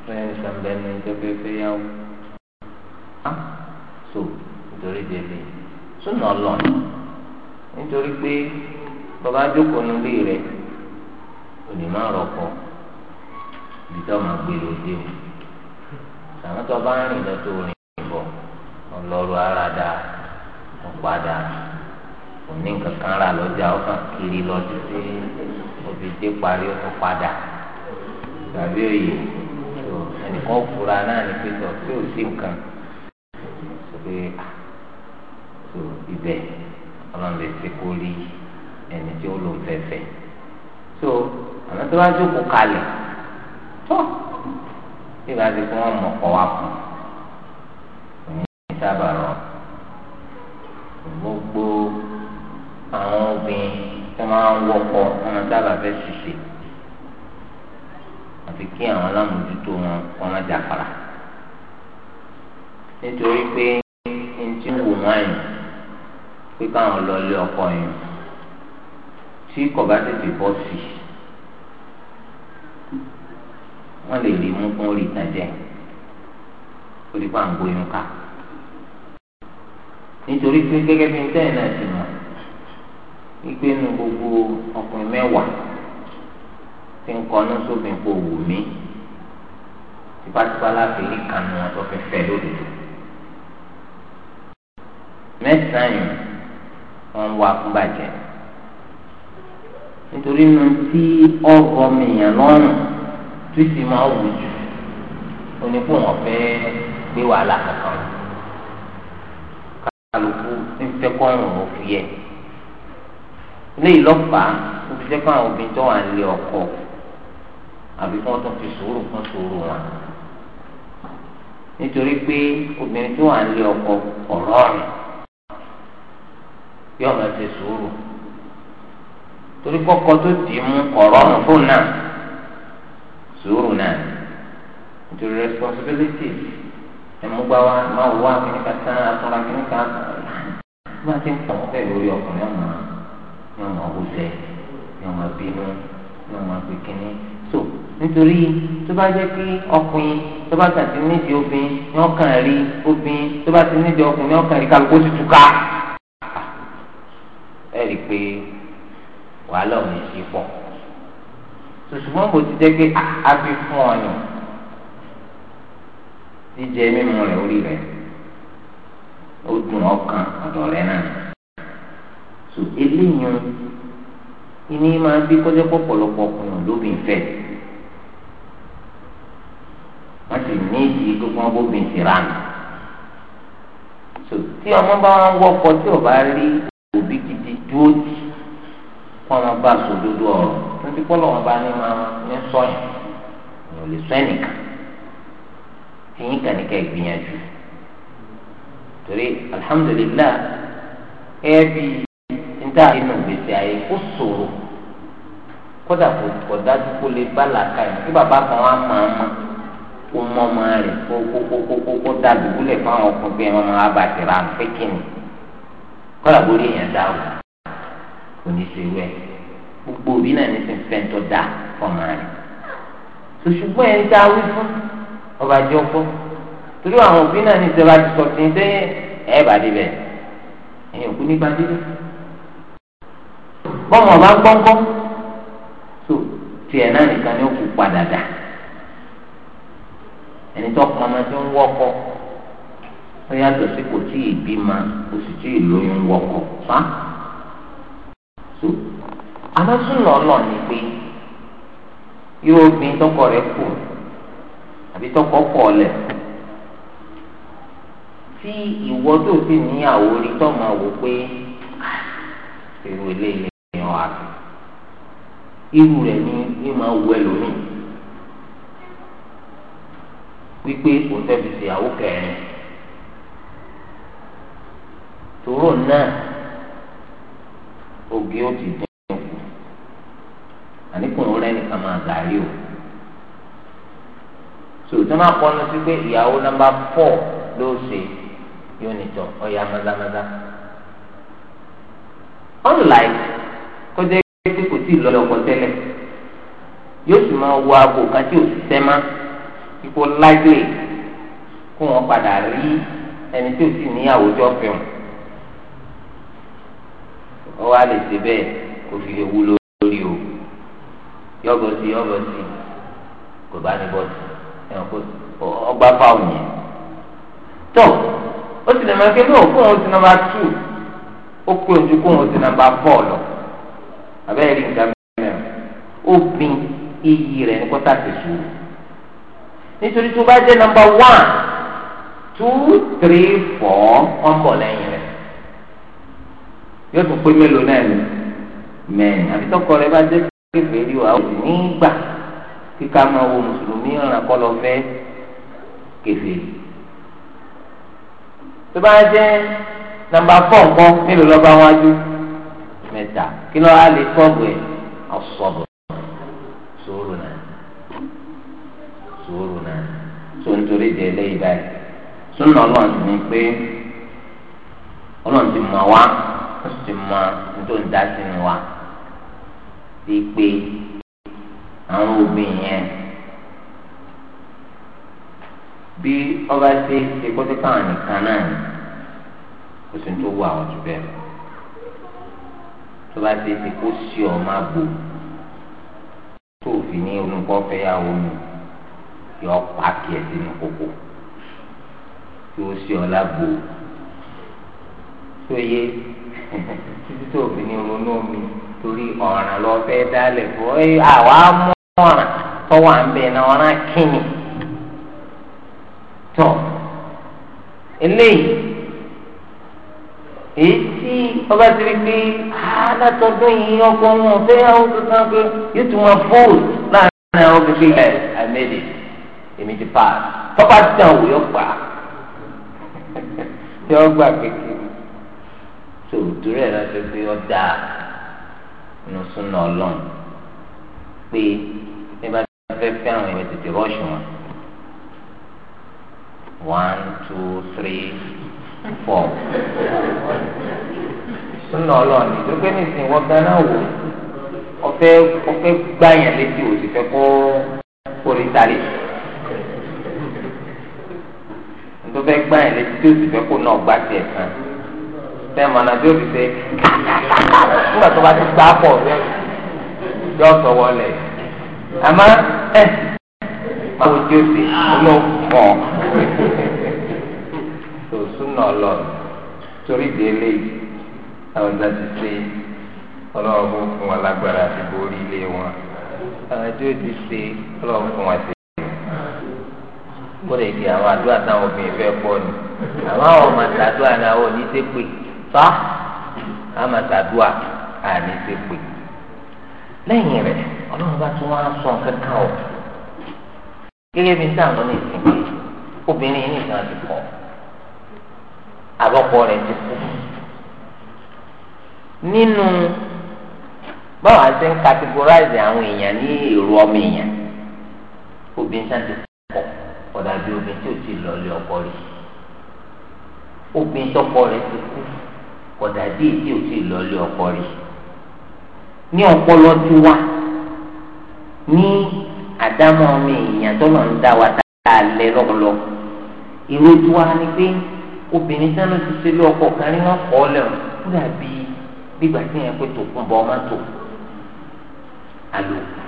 bẹ́ẹ̀ ní sàmbẹ́ ní ìjọba ẹgbẹ́ yà wò á so nítorí délé súnà ọlọ́ọ̀nù nítorí pé bàbá jókòó nílé rẹ̀ òní máa rọ̀kọ̀ ibi tó máa gbé lóde o sàmú tó bá ń rìn lọ tó rìn bọ̀ ọlọ́run ara dáa òní kankan rà lọ́jà ọkàn kiri lọ títí òbí dé parí ó tún padà tàbí òye tó ẹnìkan fura náà ní pé tó tí ò sí nǹkan tó pé tó ibẹ̀ ọlọ́run lè ṣe kó rí ẹni tí ó lò fẹ́fẹ́ tó àwọn tó bá jókòó kalẹ̀ tó bí wàá di kí wọ́n mọ̀ kọ́ wa fún òní sábà rọ gbogbo àwọn obìnrin tó máa ń wọkọ ọmọ sábà fẹ́ ṣiṣẹ́ àfi kí àwọn alámòjútó wọn kọ́ máa jàfara nítorí pé ní tí wò wọ́n yìí pé káwọn lọ lé ọkọ yìí tí kò bá tètè bọ́ sí wọ́n lè rí mú fún orí ìtajà orí pàǹgbóyún ká nítorí pé gẹ́gẹ́ bí ń tẹ́yìn náà ti mọ̀ ìgbé nu gbogbo ọkùnrin mẹ́wàá ti ń kọ́nú sóbìn kó wù mí tipátipá láti rí kanu ọ̀tọ̀ fẹ́fẹ́ lódodo. mẹ́sàn-án yìí wọ́n ń wá fún bàjẹ́ nítorí nu tí ọ̀rọ̀ mìíràn lọ́rùn tó sì máa wù jù onípò wọn fẹ́ gbé wàhálà kankan kálukú ń fẹ́ kọ́rùn-ún òfin yẹn. léyìí lọ́fàá ó fi jẹ́ kó àwọn obìnrin tó wà nílé ọkọ àbí kí wọ́n tún fi wọn nítorí pé obìnrin tó wà nílé ọkọ ọ̀rọ̀ rẹ̀ yóò máa ṣe sùúrù torí kọ́kọ́ tó dì í mú ọ̀rọ̀ ọ̀rùn fún náà sùúrù náà nítorí responsibility máa ní ọmọ wúzẹ ní ọmọ bínú ní ọmọ pékinní so nítorí tó bá jẹ́ pé ọkùnrin tó bá tàbí nídìí obìnrin ní ọkàn rí obìnrin tó bá ti nídìí ọkùnrin ní ọkàn rí kálukú ti túká ẹ rí i pé wàhálà ò ní sí pọ̀ ṣùgbọ́n kò ti jẹ́ pé a fi fún ọ nù jíjẹ mímu rẹ̀ orí rẹ̀ ó dùn ọkàn ọ̀dọ̀ rẹ̀ náà so eléyìí ìní máa ń bí kọjá pọ̀pọ̀lọpọ̀ ọkùnrin lóbìn fẹ́ wọ́n sì ní ìdí gbogbo ọgbọ́n ti rà mí so tí ọmọ bá wọn wọkọ tí ò bá rí òbí gidi dúró jì kó ọmọ bá sòdodo ọ̀rọ̀ níbi kọ́ lọ́wọ́ bá ní máa ń sọ̀yìn ò lè sọ ẹnìkan tí yín ìgbìyànjú torí alhamdulilayi ẹ bí níta inú gbèsè ayé kó ṣòro kódà kò kò dájú kó lè bá làákà yìí kí bàbá kan wá máa ma kó mọ ọmọ rẹ kó kó kó kó kó kó dá dùbúlẹ̀ fún àwọn ọkùnrin pé ọmọ abàtì ra pé kíni kódà kó lè yàn dá o kò ní ṣe wẹ gbogbo òbí náà ní sin fẹ́ntọ́ dá fọmọ rẹ ṣùṣùgbọ́n ẹ̀ ń dá wí fún ọba jọ fún torí àwọn òbí náà ní ìjọba ti sọ̀tún ṣé ẹ̀ bá débẹ̀ ẹ̀yìn òkú nígbà débẹ̀. bọ́mọ̀ bá gbọ́ngọ́ tó tiẹ̀ náà nìkan ni ó kú padà dà ẹni tó pọn tó ń wọ́kọ́ ó yàtọ̀ sí kò tí ì bímọ kò sì tí ì lóyún wọ́kọ́ tó lọ ni pé yóò gbin tọkọ rẹ kù àbí tọkọ ọ tí ti níyàwó rí tọ́ máa ah, èèyàn wa irú rẹ̀ ni ní máa wọ ẹlòmíì wípé òun fẹ́ fi ṣèyàwó kẹrin tòró náà ògì ó ti dín kù àníkùn òun rẹ̀ nìkan máa gàrí o sòtún máa kọ́nu sí pé ìyàwó nọ́mbà fọ́ ló ṣe yóò nìjọ ọ̀ya mọ́dámọ́dá unlike kọjá pé kò tí ì lọ lọkọ tẹ́lẹ̀ yóò sì máa wọ aago kan tí ò sì sẹ má ipò lágbè kó wọn padà rí ẹni tí ò sì níyàwó jọ fẹ́ wọn ó wá lè ṣe bẹ́ẹ̀ kó fi lè wúlò lórí o yọbọ sí yọbọ sí kò bá ní bọ sí ọgbà fáwọn yẹn tó ó sì lè máa ké náà fún òun sí nàmbà tù ó pé ojú kó òun sí nàmbà fọ lọ abẹ́rẹ́ ní nǹkan mẹ́rin obìn iyì rẹ̀ ní kọ́tà ti sùn nítorí tó bá jẹ́ nọ́mbà one two three four ọ̀nbọ̀ lẹ́yìn rẹ̀ yóò tún pé mélòó náà ni mẹ́rin àbí tọkọ rẹ̀ bá jẹ́ kékeré rí wa ó nígbà kíkà máa wo mùsùlùmí ọ̀ràn kọ́ lọ fẹ́ kékeré tó bá jẹ́ nọ́mbà four nǹkan mélòó lọ́ba wájú mẹ́ta. kí ló wá lè kọ́gbé ọ̀sọ̀bọ̀ sùúrù náà sùúrù náà tó ń torí de eléyìí báyìí súnà ọlọ́run ní pé ọlọ́run ti mọ̀ wá ó sì ti mọ tó ń dá sínú wa ti pé àwọn òbí yẹn bí ọba ṣe ṣe tó bá ti ti kó sí ọ máa bò tó fi ní olùkọ́ fẹ́ yà wọ́n mu yọ pààkì ẹ̀ sínú kókó tí ó sí ọ lágbo tó yé títí tó fi ní ronú omi torí ọ̀ràn lọ fẹ́ dálẹ̀ fún ẹ àwa mú ọ̀ràn tọ́wọ́ à ń bẹ̀ náà ọ̀ràn kínni tọ̀ eléyìí wọ́n bá ti rí pé alátọ́dún ah, yìí ọkọ wọn fẹ́ yàwó tuntun pé yóò tún wọn fóòl láàrin àwọn gbogbo yẹn I made it èmi ti pass tọ́pá ti dàn wò yọ gbà yọ gbà kékeré tó torí ẹ̀ láti pé ọ dáa nù súnà ọlọ́run pé bí bá ti fẹ́ fẹ́ àwọn èèyàn tètè rọ́ọ̀ṣù wọn one two three four súnà ọlọ́ọ̀ni tó gbé nìsín wọ́n gánà wò ọ̀fẹ́ ọ̀fẹ́ gbáyàn létí òsì fẹ́ kó orí tali tó fẹ́ gbáyàn létí tí òsì fẹ́ kó náà gbá tiẹ̀ kan tẹ́ mọ̀nà tí ó fi ṣe nígbà tó bá ti gbá pọ̀ fẹ́ yọ sọ wọlé àmọ́ ẹ̀ báwo tí ó ṣe ló pọ̀ tó súnà ọlọ́ọ̀ni torí délé yìí àwọn ìgbà ti ṣe ọlọ́wọ́ bó fún wọn lágbára àti borí ilé wọn àwọn tí ó ti ṣe ọlọ́wọ́ fún wọn ṣe kódà èdè àwọn àdúrà táwọn obìnrin fẹ́ pọ̀ ni àwọn àwọn ọmọ àtàdúrà ni àwọn òní ṣe pè tọ́ àmọ́ àtàdúrà àní ṣe pè lẹ́yìn rẹ̀ ọlọ́run bá tún wá sọ kankan o gẹ́gẹ́ bí sáà lọ́nà ìsìnkú obìnrin yìí nìkan ti kọ́ àbọ̀pọ̀ rẹ̀ ti kú. nínú báwa ṣe ń categorize àwọn èèyàn ní èrò ọmọ èèyàn obìnrin sáà ti pọ̀ ọ̀dà tí ò ti lọ lé ọkọ rí obìnrin tọkọ ti kú ọ̀dà bíi tí ò ti lọ lé ní ọpọlọ tí wà ní àdámọ́ ọmọ èèyàn ń dá wa ni pé obìnrin sáà ló ti ṣe lé ọkọ kan gbígbà tí yẹn pé tòkun bọ ọmọ tò àlòkù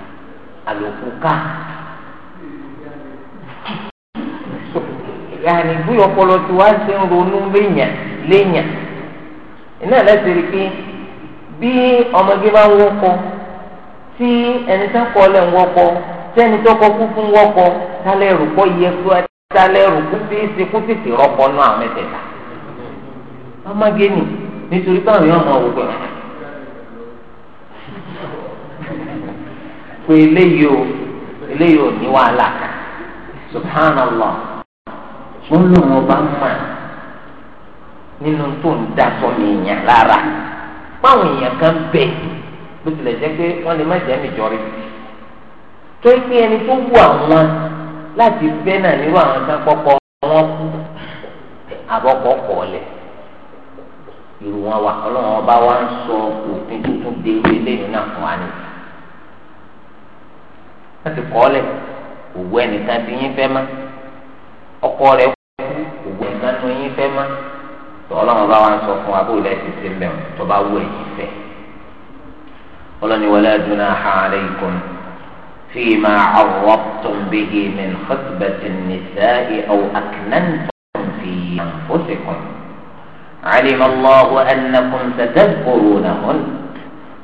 àlòkù ká yàní bí ọpọlọ tí wàá ṣe ń ronú léèyàn léèyàn iná lẹsẹ rí pé bí ọmọge bá ń wọkọ tí ẹni tó ń kọ lẹ ń wọkọ tẹni tó kọ kú fún wọkọ tálẹ rúkọ yẹ kú tálẹ rúkú tí ṣe kú tètè rọpọ náà mẹtẹẹta ọmọge nìyí nítorí káwọn yóò mọ òwúgbà pé eléyìí o eléyìí ò ní wàhálà subhanallah ó lóun ọba ń mà nínú tó ń dasọ nìyẹn lára báwọn èèyàn kan bẹ bó tilẹ̀ jẹ́ pé wọ́n lè má jẹ́ nìjọ́rí tó ń pín ẹni tó wù àwọn láti fẹ́ náà nírú àwọn sáńpọ̀pọ̀ wọn kú àbọ̀kọ̀ kọ̀ lẹ̀ irú wọn wà ọlọ́run ọba wa ń sọ òfin tuntun de irú eléyìí náà fún wa ni. wọ́n ti kọ́ ọ lẹ̀ òwú ẹnìkan ti yín fẹ́ mọ́ ọkọ rẹ̀ kú òwú ẹnìkan tó yín fẹ́ mọ́ tọ́ ọlọ́run ọba wa ń sọ fún wa bó lẹ́ẹ̀ ti ṣe ń tó bá wù ẹ̀yìn fẹ́. ọlọ́ni wọlé adúná ha alaykum fíìmà àwọ̀tún bíi min khutbati nìṣẹ́ ìhàwọ̀ àkìnnẹ́ntàn fi àǹfọ̀ṣẹ̀kùn. علم الله أنكم ستذكرونهن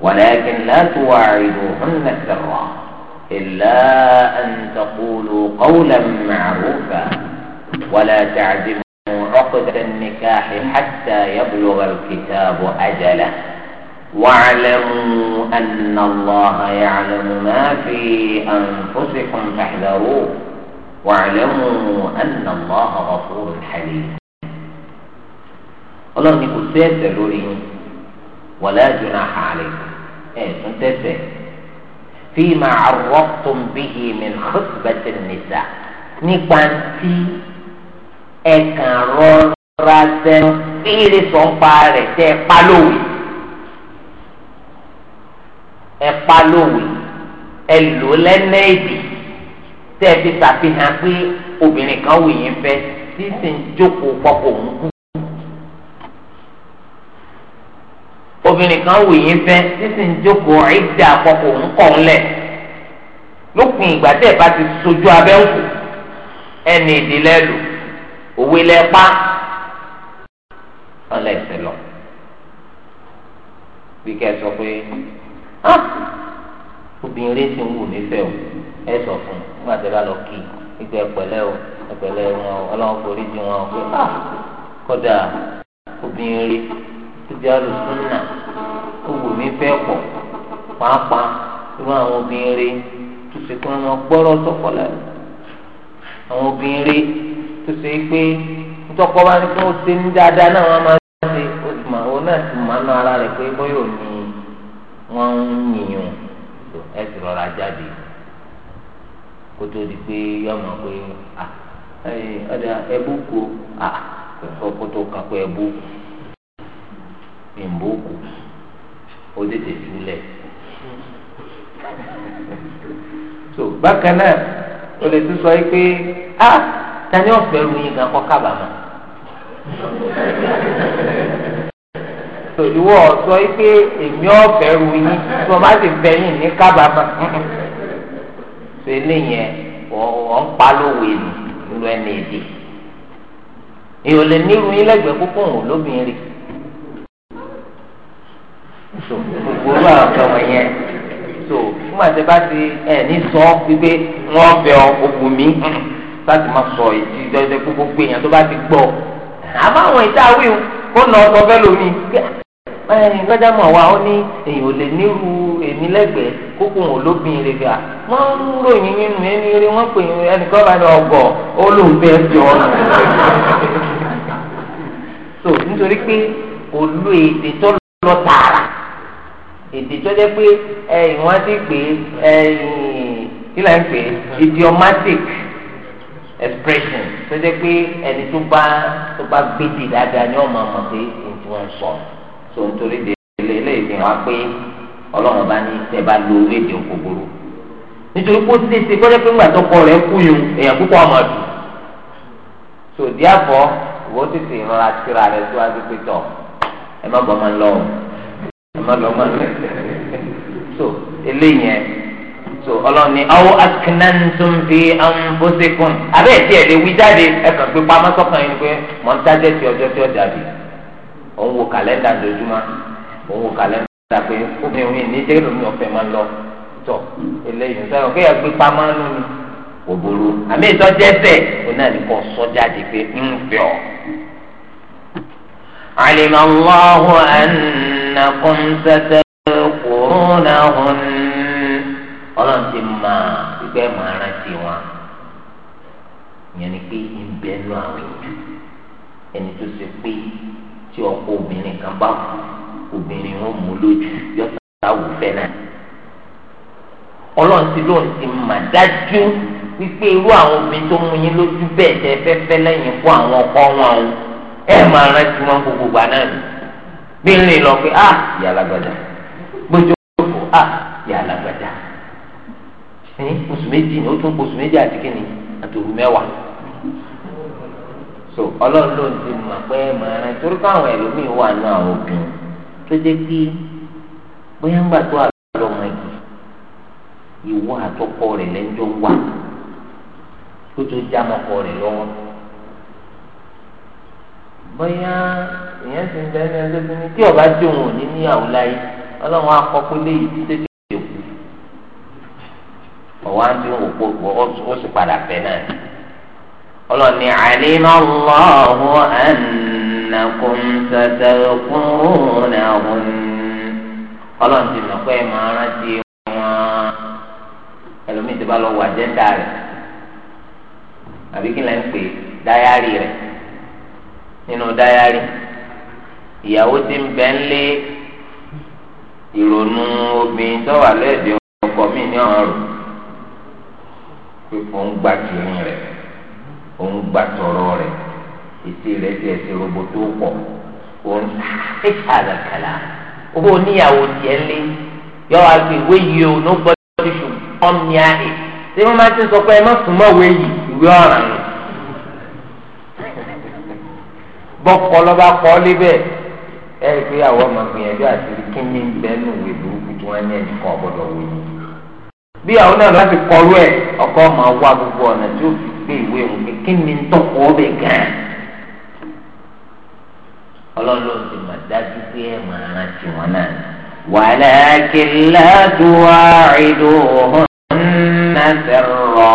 ولكن لا تواعدوهن سرا إلا أن تقولوا قولا معروفا ولا تعزموا عقد النكاح حتى يبلغ الكتاب أجله واعلموا أن الله يعلم ما في أنفسكم فاحذروه واعلموا أن الله غفور حليم ọlọ́run ní kò sí ẹ̀ṣẹ̀ lórí yín wala junaha alaykum ẹ̀ tún tẹ̀sẹ̀ fima arrabtum bihi min khutbati nisa nípa tí ẹ̀kàn rọra sẹ́nu fèrè sọ̀npa rẹ̀ tẹ́ ẹ pa lówe ẹ pa lówe ẹ lò lẹ́nà èdè tẹ́ ẹ fi ṣàfihàn pé obìnrin kan wù yín fẹ́ sísìn jókòó pọ̀pọ̀ òun kú. obìnrin kan wò yín fẹ́ sísì ń jókòó ìdá àkọ́kọ́ ń kọ̀ ńlẹ̀ lópin ìgbà tẹ́ ẹ̀ bá ti sojú abẹ́ ń kù ẹni ìdílé lò òwe lẹ́pa ọlẹ́sẹ̀ lọ bí kẹ́ ẹ sọ pé obìnrin ti ń wù nífẹ̀ẹ́ o ẹ sọ fún un nígbà tí ẹ bá lọ kí ìgbà ẹ̀pẹ̀lẹ́ o ẹ̀pẹ̀lẹ́ wọn ọlọ́run forí jì wọn pé kódà obìnrin. síbi alùsùnà ó wù mí fẹ́ pọ̀ pàápàá irú àwọn obìnrin tó ṣe pé wọ́n gbọ́rọ̀ sọ́kọ̀ lẹ́nu àwọn obìnrin tó ṣe pé ntọ́kọ bá ní kí wọ́n ṣe ní dáadáa náà wọ́n máa ń ṣe ó náà ara rẹ̀ pé bóyá ò ní wọ́n ń yìnyín ẹ sì rọra jáde kó tó di pé yọ ọmọ pé ọ̀dà ẹbú kó tó ìmbókù ó tètè túlẹ̀. tó bákan náà o lè tún sọ pé a tani ọ̀fẹ́ ru yín gan kọ́ kábàámọ̀. tó ìwọ sọ pé èmi ọ̀fẹ́ ru yín tí wọ́n bá ti fẹ́ yín ní kábàámọ̀. tó eléyẹn wọ́n ń pa lówè nù lọ ẹni èdè. èèyàn lè nírú yín lẹ́gbẹ̀ẹ́ púpọ̀ òun lóbìnrin so gbogbo olú àwọn kan wọ̀nyẹn so fún àti bá ti ẹ̀ ní sọ wípé wọ́n bẹ ògùn mi láti má sọ èyí dọ́jọ́ pé gbogbo èèyàn tó bá ti gbọ́ àmọ́ àwọn ìta wíwù kó nà ọkọ̀ fẹ́ lómi ah, ẹ̀yìn gbẹ́dámọ̀ wa ó ní èyàn ò lè nírú èmi lẹ́gbẹ̀ẹ́ kókò wọn lóbìnrin rẹ̀ gbà wọ́n ń ròyìn nínú ẹni eré wọ́n pè ẹnìkan bá ní ọgọ̀ ó lóun fẹ́ jọ ọ́ so nítorí pé olú èdè tó lọ tààrà èdè tó jẹ́ pé ẹ̀yìn wọn ti pè é ẹ̀yìn kí là ń pè é idiomatic expression tó jẹ́ pé ẹni tó bá tó bá gbèdè dáadáa ni ọmọ ọmọ pé ètò wọn sọ tó ń torí de eléyìí fi hàn pé ọlọ́run bá ní tẹ́ bá lo rédíò kòkòrò nítorí pé ó ti ṣe kọ́jọ́ pé ńgbà tó kọ rẹ̀ kú yun èèyàn púpọ̀ ọmọ dùn so díàfọ́ ìwọ tètè ìrora síra rẹ̀ síwájú pé tọ̀ ẹ má bọ́ máa ń lọ ẹ má lọ́ máa ń eléyẹn so ọlọ́run ni awo akinantum fi anfusikun abẹ́ tí ẹ̀ lè wí jáde ẹ̀ kàn pamọ́ sọ́kàn yín pé mọ̀ ń ti ọjọ́ tí ó dàbí òun wo kàlẹ́ndà lójúmọ́ òun wo kàlẹ́ndà pé obìnrin mi ní jẹ́rìí mi ọ̀fẹ́ máa ń lọ tọ̀ eléyìí sọ̀rọ̀ kéèyàn gbé pamọ́ nù mí kò àmì ìtọ́jú ẹsẹ̀ òun náà ní kò sọ jáde pé ń fẹ́ ọlọ́run ti mọ ìgbẹ́ mọ ara ti wọn ìyẹn ni pé ń bẹ nú àwọn ìjù ẹni tó ṣe pé tí ọkọ obìnrin kan bá kú obìnrin wọn mú lójú yọta wò fẹ́ náà ọlọ́run ti lóun ti mà dájú wípé irú àwọn obìnrin tó mú yín lójú bẹ́ẹ̀ tẹ́ fẹ́ fẹ́ lẹ́yìn fún àwọn ọkọ wọn o ẹ máa rántí wọn gbogbo gbà náà bí ń rìn lọ pé ah ìyá alágbádá gbójú ó kò ah ìyá alágbádá ẹ̀yìn oṣù méjì ni ó tún oṣù méjì àti kìnnì àtòrú mẹ́wàá so ọlọ́run ló ń ti mọ̀ pé màrán torí káwọn ẹlòmíín wà náà obìnrin tó jẹ́ pé bóyá ń gbà tó àlọ́ ọmọ yìí ìwọ àtọkọ rẹ̀ lẹ́jọ́ wà tó tó já mọ́kọ rẹ̀ lọ́wọ́ bóyá ìyẹn ti ń bẹ́ẹ̀ ní ẹgbẹ́ tí ní tí ọba jóun ò ní níyàwó láyé ọlọ́run akọ pé léyìí ti ọwọ́ á ń dín òpó ó sì padà fẹ́ náà ọlọ́ni àlímọ́ lọ́hùn ẹnìkan ṣẹṣẹ fún ọ̀hún ọlọ́ọ̀tì mọ̀ pé màá rántí wọn ẹlòmíì ti bá lọ wọ àjẹ́ńdà rẹ̀ àbí kí lẹ́ ń pè rẹ̀ nínú dáyárì ìyàwó ti ń bẹ́ ń lé ìrònú obìnrin tó wà lẹ́ẹ̀dẹ̀ ọkọ mi ní ọ̀rùn. pé òun gbà tìrún rẹ̀ òun gba tọ̀rọ̀ rẹ̀ ètè rẹ̀ tiẹ̀ ti roboto pọ̀ òun ṣe àgàkàlà owó oníyàwó lé yọ ìwé yìí o nobody should come near it ṣé wọ́n máa ti sọ pé ẹ má sùn mọ́ ìwé yìí ìwé ọ̀ràn ni ẹ i pé àwọn ọmọ gbìyànjú àti kíní bẹ́ẹ̀ nù wí burúkú tí wọ́n ní ẹnì kan ọ̀gbọ́dọ̀ wò yìí. bí àwọn náà láti kọrú ẹ ọkọ máa wá gbogbo ọ̀nà tí ó fi gbé ìwé òun pé kí ni tó kọ́ ọ bẹ̀ gan-an. ọlọ́run ti mà dájú pé ẹ máa rántí wọn náà. walakin la tuwa'iduhunna sirra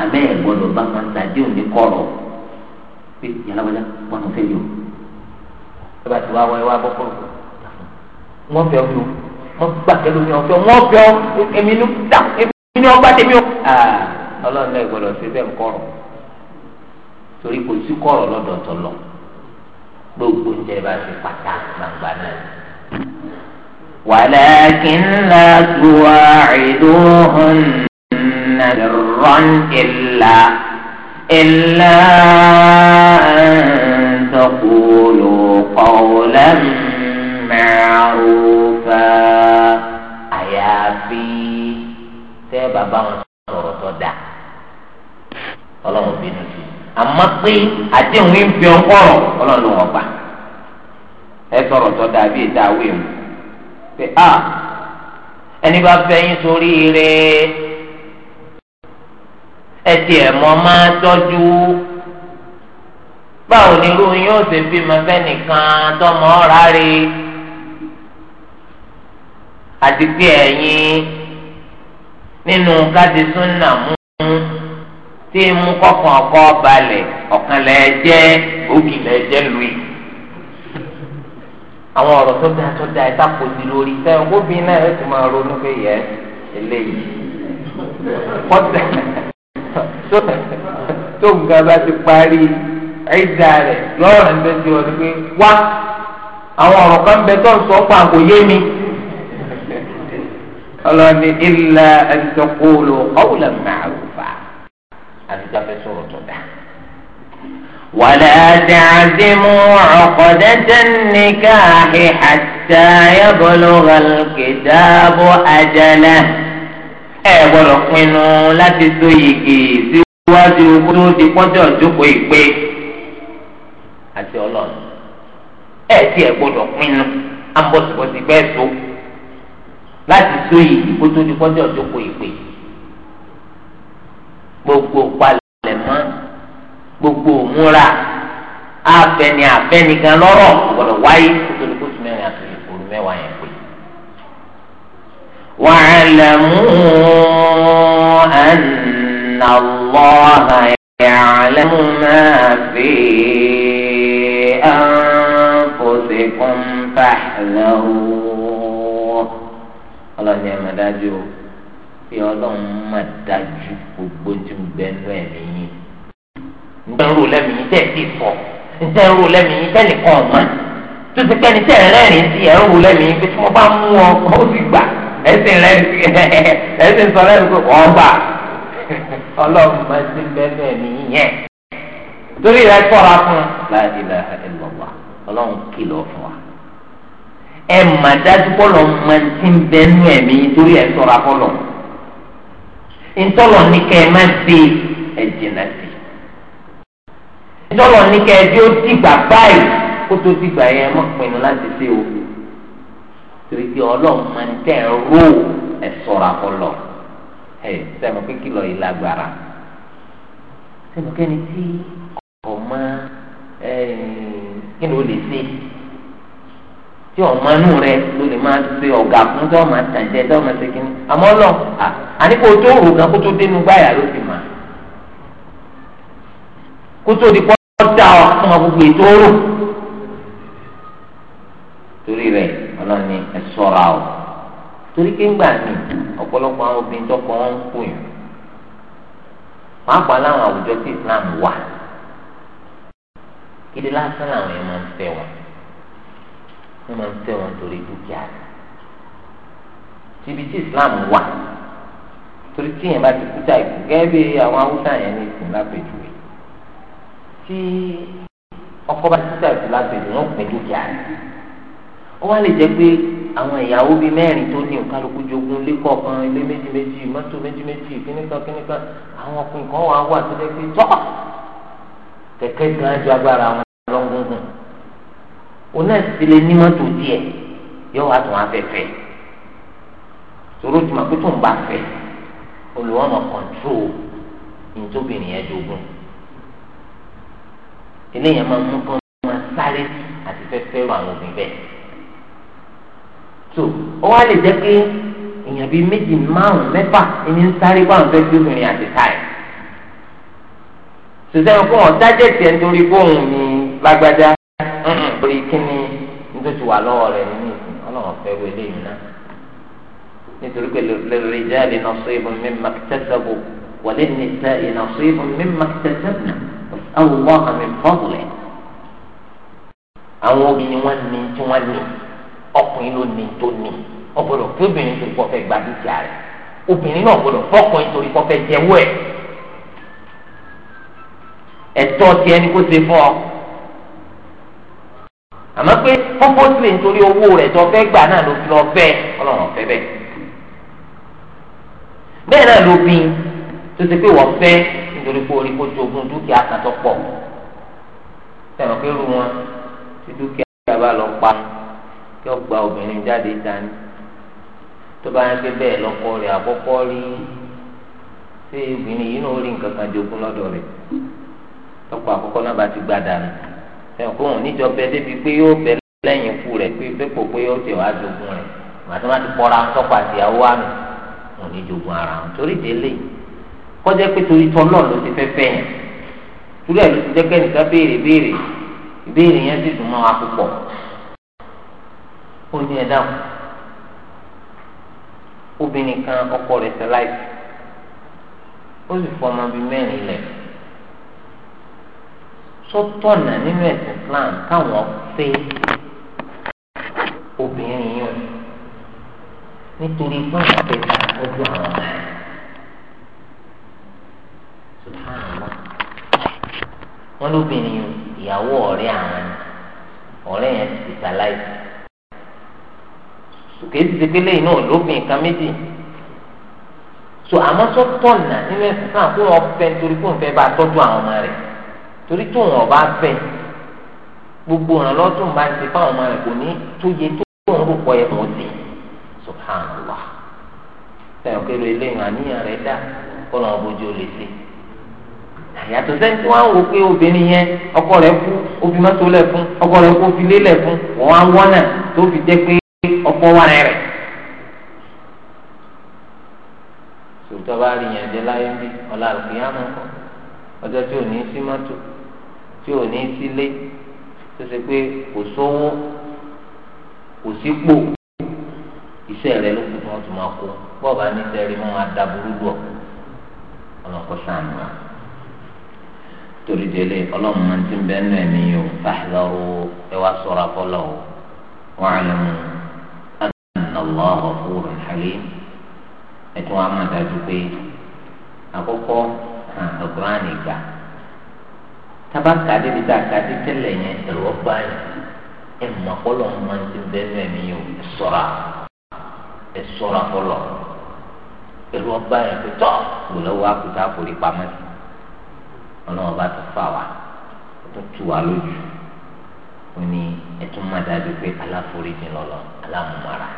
àmì ìgbọ́dọ̀ bá wọn tàdé òní kọ̀rọ̀ pé yàrá wọn fẹ́ yọ. ẹ bá ti wá wọ ẹ wá bọ́ kọ́ wọn fẹ́ yọ wọ́n gbà kẹlẹ́ omi ọ̀fẹ́ wọ́n fẹ́ èmi ní dá èmi ní ọgbà tèmi o. ọlọ́run náà gbọ́dọ̀ ṣe bẹ́ẹ̀ kọ̀rọ̀ torí kò sí kọ̀rọ̀ lọ́dọ̀ tọ̀lọ̀ gbogbo ń jẹ́ ṣe pátá gbangba náà. ولكن لا تواعدوهن سرا إلا إلا أن تقولوا قولا معروفا kan àyàfi tẹ́ bàbá wọn sọ̀rọ̀ tó dà ọlọ́run bínú sí àmọ́ pé àdéhùn ìbí ọkọ̀rọ̀ ọlọ́run ló wọ́n gbà ẹ bí ìta awé mu pé a ẹni bá yín sórí ire ẹ máa báwo ni irú ṣe tọmọ àti pé ẹ̀yin nínú káti súnà mú tí mú kọ̀ọ̀kan ọkọ̀ balẹ̀ ọ̀kan lẹ̀ jẹ́ ògì lẹ̀ jẹ́ lùi. àwọn ọ̀rọ̀ tó dáa tó dáa ẹ̀ta kò lórí náà ẹ̀ tó máa ronú pé yẹ eléyìí. pọ́tẹ́ tó ti parí ẹ̀dá rẹ̀ lọ́rọ̀ ń bẹ́ pé wá pa kò yé mi. ọlọ́ni ilà ẹ̀ńtọ́kọ́lù ọ̀wùlẹ̀ màrúfà àtijọ́ fẹ́ sọ̀rọ̀ tó dá. ولا تعزموا عقدة النكاح حتى يبلغ الكتاب أجله ẹ gbọ́dọ̀ pinnu láti so yìgì síwájú kó tó di pọ́jọ́ ìjókòó ìpè àti Ọlọ́run ẹ tí ẹ gbọ́dọ̀ pinnu ambọ̀sibọ̀sì bẹ́ẹ̀ so láti tó yìí kó tó di kọ́jọ́ ìjókòó ìpè gbogbo palẹ̀ mọ́ gbogbo òmúra abẹni abẹni gan lọ́rọ̀ gbọ́dọ̀ wáyé kó tó di mẹ́rin àti òru mẹ́wàá yẹn pè. واعلموا أن الله يعلم ما في أنفسكم فاحذروا ọlọ́ni ẹ̀ mà dájú o pé ọlọ́run mà dájú gbogbo tí ń bẹ nú ẹ̀mí yín nígbà ń rò lẹ́mìí tẹ̀ sí fọ́ nígbà ń rò lẹ́mìí tẹ̀ nìkan ọ̀mà tó ti pẹ́ni tẹ̀ rẹ́rìn sí ẹ̀ ń rò lẹ́mìí pé tí mo bá mú ọ ó sì gbà ẹ̀sìn rẹ̀ ẹ̀sìn sọ lẹ́nu pé wọ́n gbà ọlọ́run mà ti bẹ nú ẹ̀mí yẹn torí rẹ̀ tọ́ra fún un láti ẹ mà dájú bọ́lọ̀ mọ ti ń bẹ nú ẹ̀mí torí ẹ̀ sọ̀rọ̀ abọ́lọ̀ ntọ́lọ̀ ní kẹ́ ẹ má ṣe ẹ jìnà sí ntọ́lọ̀ ní kẹ́ ẹ bí ó dìgbà báyìí kó tó dìgbà yẹn ẹ pinnu láti ṣe o torí pé ọlọ́run máa ń tẹ̀ ẹ́ ró ẹ sọ̀rọ̀ abọ́lọ̀ ẹ sẹ́mi pé kìlọ̀ yìí lágbára sẹ́mi kẹ́ni tí ọmọ ẹ kí ni ó lè ṣe tí ọmọnú rẹ ló lè máa ṣe ọ̀gá fún tí ọmọ àtàjẹ tí ọmọ ṣèkí ni àmọ́ lọ àní kó tó rò gan kó tó dénú gbáyà ló fi mà kó tó di pọ́ dá ọ fún agbègbè tó rò torí rẹ ọlọ́ni ẹ sọ́ra o torí kéńgbà ni ọ̀pọ̀lọpọ̀ àwọn obìnrin tọkọ wọn ń kó yàn pàápàá láwọn àwùjọ tí Islam wà kí lásán làwọn yẹn máa ń fẹ́ wọn wọ́n máa ń tẹ̀wọ̀n torí dúkìá síbi tí Islam wà torí tí yẹn bá ti kú táì kú gẹ́gẹ́ bí àwọn haúsá yẹn ní ìsìn lápẹ̀jùwe tí ọkọ bá ti táì kú lápẹ̀jù wọn pẹ̀ dúkìá rẹ̀ ó wá lè jẹ́ pé àwọn ìyàwó bíi mẹ́rin tó ní òkàlùkù jogún ilé kọ̀ọ̀kan ilé méjì méjì mọ́tò méjì méjì kíníkan kíníkan àwọn ọkùnrin kan wà wà tó jẹ́ pé tọ́ kẹ̀kẹ́ gan-an ju agbára wọn lọ́gùngùn oná ìdílé nímọ̀tò díẹ̀ yóò wá tún afẹ́fẹ́ sòrò tìmọ̀ pé tó ń bá fẹ́ olùwọ́mọ̀ kọ̀ntró ìtòbìnrin yẹn dogun eléyìí máa mú kán máa sáré àti fẹ́fẹ́ rọ àwọn obìnrin bẹ́ẹ̀ tó ó wá lè jẹ́ pé èèyàn bíi méjì márùn mẹ́fà ẹni ń sáré bá àwọn fẹ́ obìnrin àti táyà sọsẹ́ni fún ọ̀dájẹ́ tiẹ̀ nítorí fóun ní lágbájá pé kíni nítorí wà lọ́wọ́ rẹ̀ nínú ìsìn ọlọ́run fẹ́ wé léyìn náà nítorí pé lirrijali nasibun mimma iktasabu wa linnisa'i nasibun mimma iktasabna fas'alu Allaha min fadlihi. àwọn obìnrin wọn ní tí wọn ní ọkùnrin ló ní tó ní ọgbọ́dọ̀ kí obìnrin torí kọ́ fẹ́ gba dúkìá rẹ̀ obìnrin náà fọkùnrin torí àmọ́ pé pọ́pọ́sìlì nítorí owó rẹ̀ tó fẹ́ gbà náà ló fi lọ fẹ́ ọlọ́run ọ̀fẹ́ bẹ́ẹ̀. bẹ́ẹ̀ náà ló bí tó ti pé wọ́n fẹ́ nítorí pé orí kó jogún dúkìá kan tó pọ̀ sẹ́wọ̀n pé rú wọn tí dúkìá bá lọ pa kí wọ́n gba obìnrin jáde dání tó bá yẹn pé bẹ́ẹ̀ lọ́kọ rẹ̀ àkọ́kọ́ rí ṣé obìnrin yìí náà ó rí nǹkan kan jogún lọ́dọ̀ rẹ̀ lọ́kọ àkọ́kọ́ náà bá ti gbá dànù ẹ̀kọ́ òun níjọ bẹ débi pé yóò bẹ lẹ́yìn ikú rẹ̀ pé pépò pé yóò tẹ̀ wá jogun rẹ̀ màtí wọ́n ti kọ́ra sọ́kọ̀ àti ìyàwó àmì òun ní jogun ara wọn torí délé kọjá pé torí tọ́lọ́ ló ti fẹ́ fẹ́ yẹn torí ẹ̀ ló ti jẹ́kẹ́ nìkan béèrè béèrè ìbéèrè yẹn sì dùn mọ́ wa púpọ̀ ó ní ẹ dáhùn obìnrin kan ọkọ rẹ̀ sẹ́láìsì ó sì fọmọ bíi mẹ́rin lẹ̀ tó tọ̀nà nínú ẹ̀sìn Islam káwọn fẹ́ obìnrin yìí nítorí pé àwọn fẹ́ ta ọjọ́ àwọn wọn lóbìnrin yìí ìyàwó ọ̀rẹ́ àwọn ọ̀rẹ́ yẹn ti ta láìsí sùkè ti pé lẹ́yìn náà lóbìnrin kan méjì so àmọ́ sọ́tọ̀nà nínú ẹ̀sìn Islam kó wọn fẹ́ nítorí pé òun fẹ́ bá tọ́jú àwọn ọmọ rẹ̀ torí tó wọn bá fẹ́ gbogbo ìrànlọ́wọ́ tó ń bá ṣe fáwọn ọmọ rẹ̀ kò ní tó yẹ tó ń rò pọ̀ yẹ kò sí subhanallah sẹ́yìn pé eléyìí àníyàn rẹ̀ dà kó lọ́wọ́ bójú ó lè ṣe àyàtọ̀ sẹ́ni tí wọ́n á wò pé obìnrin yẹn ọkọ rẹ̀ kú obì mọ́tò lẹ̀ fún ọkọ rẹ̀ kú fi lélẹ̀ fún wọ́n á wọ́nà tó fi jẹ́ pé ọkọ wà rẹ̀. sòtọ́ bá rí yẹn jẹ́ bí ọ̀la àgbéyàmọ́ ọjọ́ tí ò ní sí mọ́tò. tí o ní sílé tó ṣe pé kò sówó kò sípò iṣẹ́ rẹ ló kù tí tún máa kó bọ́ọ̀bá ní sẹ́rí mọ́ adaburú bọ̀ ọlọ́kọ́ sànù wa torí délé ọlọ́run máa ti o ẹ wá sọ̀rọ̀ tába kàdé bi tá a kàdé tẹ́lẹ̀ yẹn ẹ̀rọ ọba yẹn ẹ̀ mọ̀ kọ́lọ̀ ọmọ ti bẹ́ẹ̀ bẹ́ẹ̀ mi yẹn ẹ̀ sọ̀ra ẹ̀ sọ̀ra kọ́lọ̀ ẹ̀rọ ọba yẹn pé tọ́ gbọ́dọ̀wọ́ akuta àforí pamọ́ sí ọlọ́wọ́ bá ti fà wá tó tu wá lójú ó ní ẹtún má dájú pé aláforíjì lọ́lọ́ alámúmárà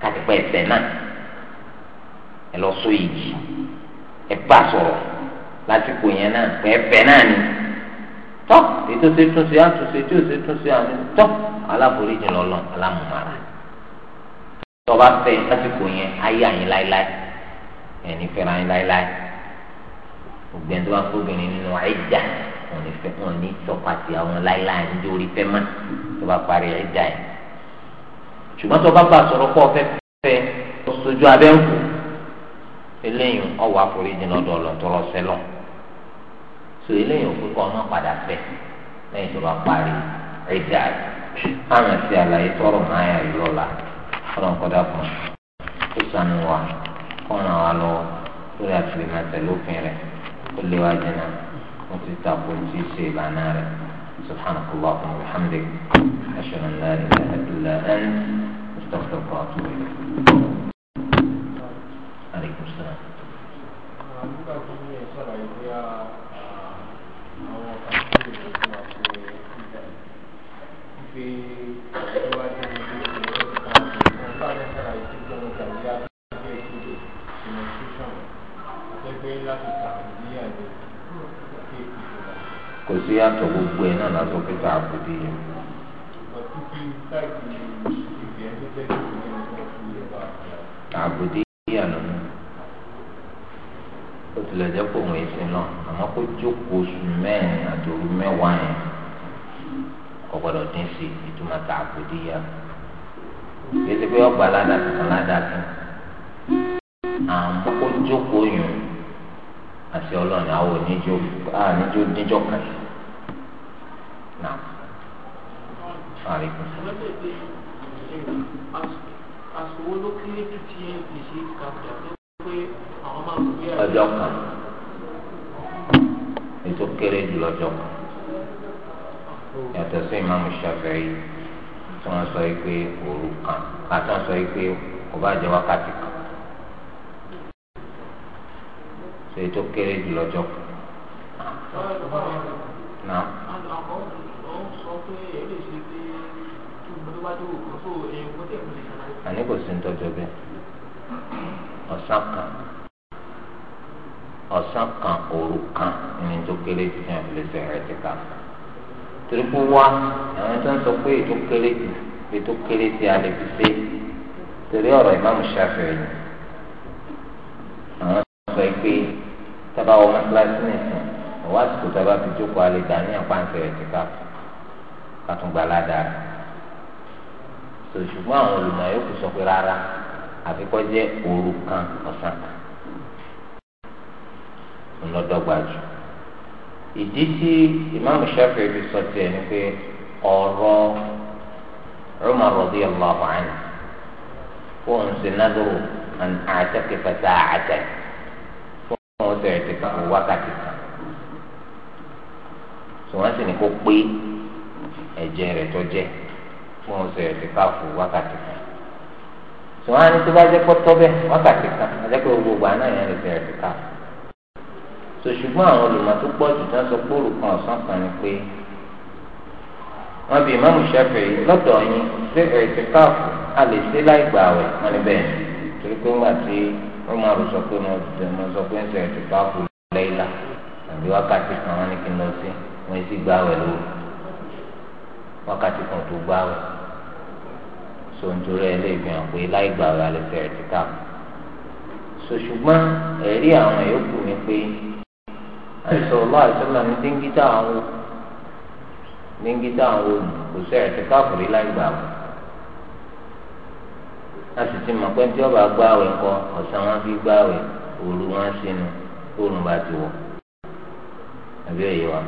kàtìpẹ́ ẹ̀sẹ̀ náà ẹ lọ sọ èyí ẹ bá sọ̀rọ̀ lásìkò yẹn náà pẹ́ẹ́pẹ́ náà ni tọ́ ètò ṣe tún ṣe àtúnṣe tí ò ṣe tún ṣe àmì tọ́ aláforíjì lọ́lọ́ alámùmárà tọba fẹ́ lásìkò yẹn ayé àyín láéláé ẹni fẹ́ràn ayín láéláé ògbẹ́ni tó bá fóbìnrin nínú ẹ̀dá wọn ní fẹ́ wọn ní sọpàtì àwọn láéláé ní orí fẹ́ mọ́ tó bá parí ẹ̀dá yẹn ṣùgbọ́n tó bá sọ̀rọ̀ pọ̀ fẹ́ fẹ́ sojú abẹ́ ń kù eléyìí ọwọ́ àforíjì lọ́dọ̀ ọlọtọrọ sẹlọ so eléyìí òfin kọ ọmọ padà fẹ lẹ́yìn tó bá parí ẹdá àwọn ti àlàyé tọrọ máa yà yọ la Ọlọ́run kódà kan kó sanu wa kó ràn wá lọ́wọ́ lórí àtìlẹmọtẹ lófin rẹ̀ kó lé wa jìnnà kó ti tako ti ṣe ìlànà rẹ̀ سبحانك اللهم وبحمدك أشهد أن لا إله إلا أنت أستغفرك وأتوب إليك Alaikum salaam. nígbà tí mi ẹ̀ ṣàlàyé pé àwọn ọ̀tá tó kò sí yàtọ̀ gbogbo ẹ̀ náà lásán pé àbúdí yẹn. àbúdí yànnà náà. ó tilẹ̀ jẹ́ kó òun èsì náà àmọ́ kó jókòó oṣù mẹ́rin àti òru mẹ́wàá yẹn kò gbọ́dọ̀ dín sí ìtumọ̀ tá a kò dé yá kéde pé ọgbà ládàá kan àmọ́ kó jókòó yùn àti ọlọ́run àwọn oníjó níjó níjó kan ọjọ́ kan ètò kéré jù lọ́jọ́ kan yàtọ̀ sí ìmáàmù Ṣafi'i tí wọ́n sọ pé òru kan àti wọ́n sọ pé kò bá jẹ́ wákàtí kan ṣe ètò kéré jù lọ́jọ́ kan. àní kò sí ń tọ́jú bẹ́ẹ̀ ọ̀sán kan ọ̀sán kan òru kan ní tó kéré jù ní ìpìlẹ̀sẹ̀ rẹ̀ ti ká torí pé wá àwọn tó ń sọ pé ètò kéré jù ètò kéré ti a lè fi ṣe torí ọ̀rọ̀ ìmáàmù ṣàfihàn yìí àwọn tó sọ pé tábà wọ mọ́tíláṣí nìsín ọwọ́ àsìkò tábà fi jókòó alẹ́ dà ní àpáǹsẹ̀ rẹ̀ kàtúngbà ládàá ṣùgbọ́n àwọn olùmọ̀ yòókù sọ pé rárá àfikọ́ jẹ́ òru kan ọ̀sán kan ńlọdọgba jù ìdí tí ìmáàmù Shafi'i fi sọ tiẹ̀ ni pé ọ̀rọ̀ Umar radiyallahu anhu kó ń ṣe nádòrò àn àtẹkẹfẹsẹ àtẹ fún wọn tẹ ẹtì kan kó wákàtí kan tí wọn sì ní kó pé ẹ̀jẹ̀ rẹ̀ tó jẹ fún wọn tẹ ẹtì kan kó wákàtí kan tí wọn á ní tó bá jẹ pọtọ bẹ wákàtí kan ajẹ pé gbogbo àná yẹn lè tẹ ẹtì kan so ṣùgbọ́n àwọn olùmọ̀ tó pọ̀ jù náà sọ pé olùkọ́ ọ̀sán kan ni pé wọ́n bí imáàmù ṣẹ́fẹ̀ lọ́dọ̀ yín ṣé ẹ̀sìn káàfù a lè ṣe láì gbà wẹ̀ wọ́n ní bẹ́ẹ̀ torí pé wọ́n àti wọ́n máa rò sọ pé mo sọ pé ń ṣe ẹ̀sìn káàfù lẹ́yìnlá àbí wákàtí kan wọ́n ní kí n lọ sí wọ́n ti gbà wẹ̀ lóru wákàtí kan tó gbà wẹ̀ so nítorí ẹ lè pé láì gbà wẹ̀ a lè ṣe ẹ̀sìn káàfù so ṣùgbọ́n ẹ̀rí àwọn yòókù ni pé àìsọ̀rọ̀ àìsọ̀rọ̀ ní na àwọn díngítà àwọn kò sí ẹ̀sìn káàkiri láì gbà wọn. a sì ti mọ̀ pé tí ọba gbá àwẹ̀ kọ ọ̀sán wọn fi gbá àwẹ̀ òru wọn sínú bá ti wọ̀ àbí ẹ̀yẹ wa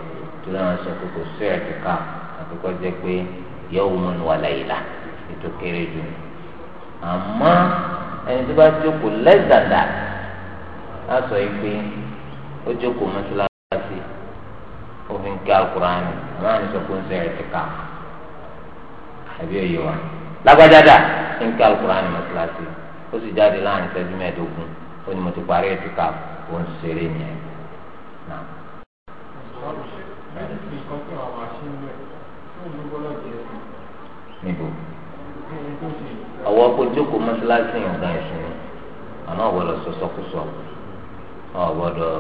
tó lọ́wọ́ sọ pé kò sí ká jẹ́ pé ètò ó jókòó mọ́sálásí òfin kí alukuraani àwọn àníṣe kó ń sẹ ẹtìkà àbí òye wa lágbájáda ń kí alukuraani mọ́sálásí ó sì jáde láàrin ìṣẹ́jú mẹ́ẹ̀ẹ́dógún ó ní mo ti parí ẹtìkà ó ń ṣeré yẹn. níbo ọwọ́ kó jókòó mọ́sálásí yẹn ẹ̀sìn ni àmọ́ ọ̀wọ́ lọ sọ sọkúsọ ọ̀ gbọ́dọ̀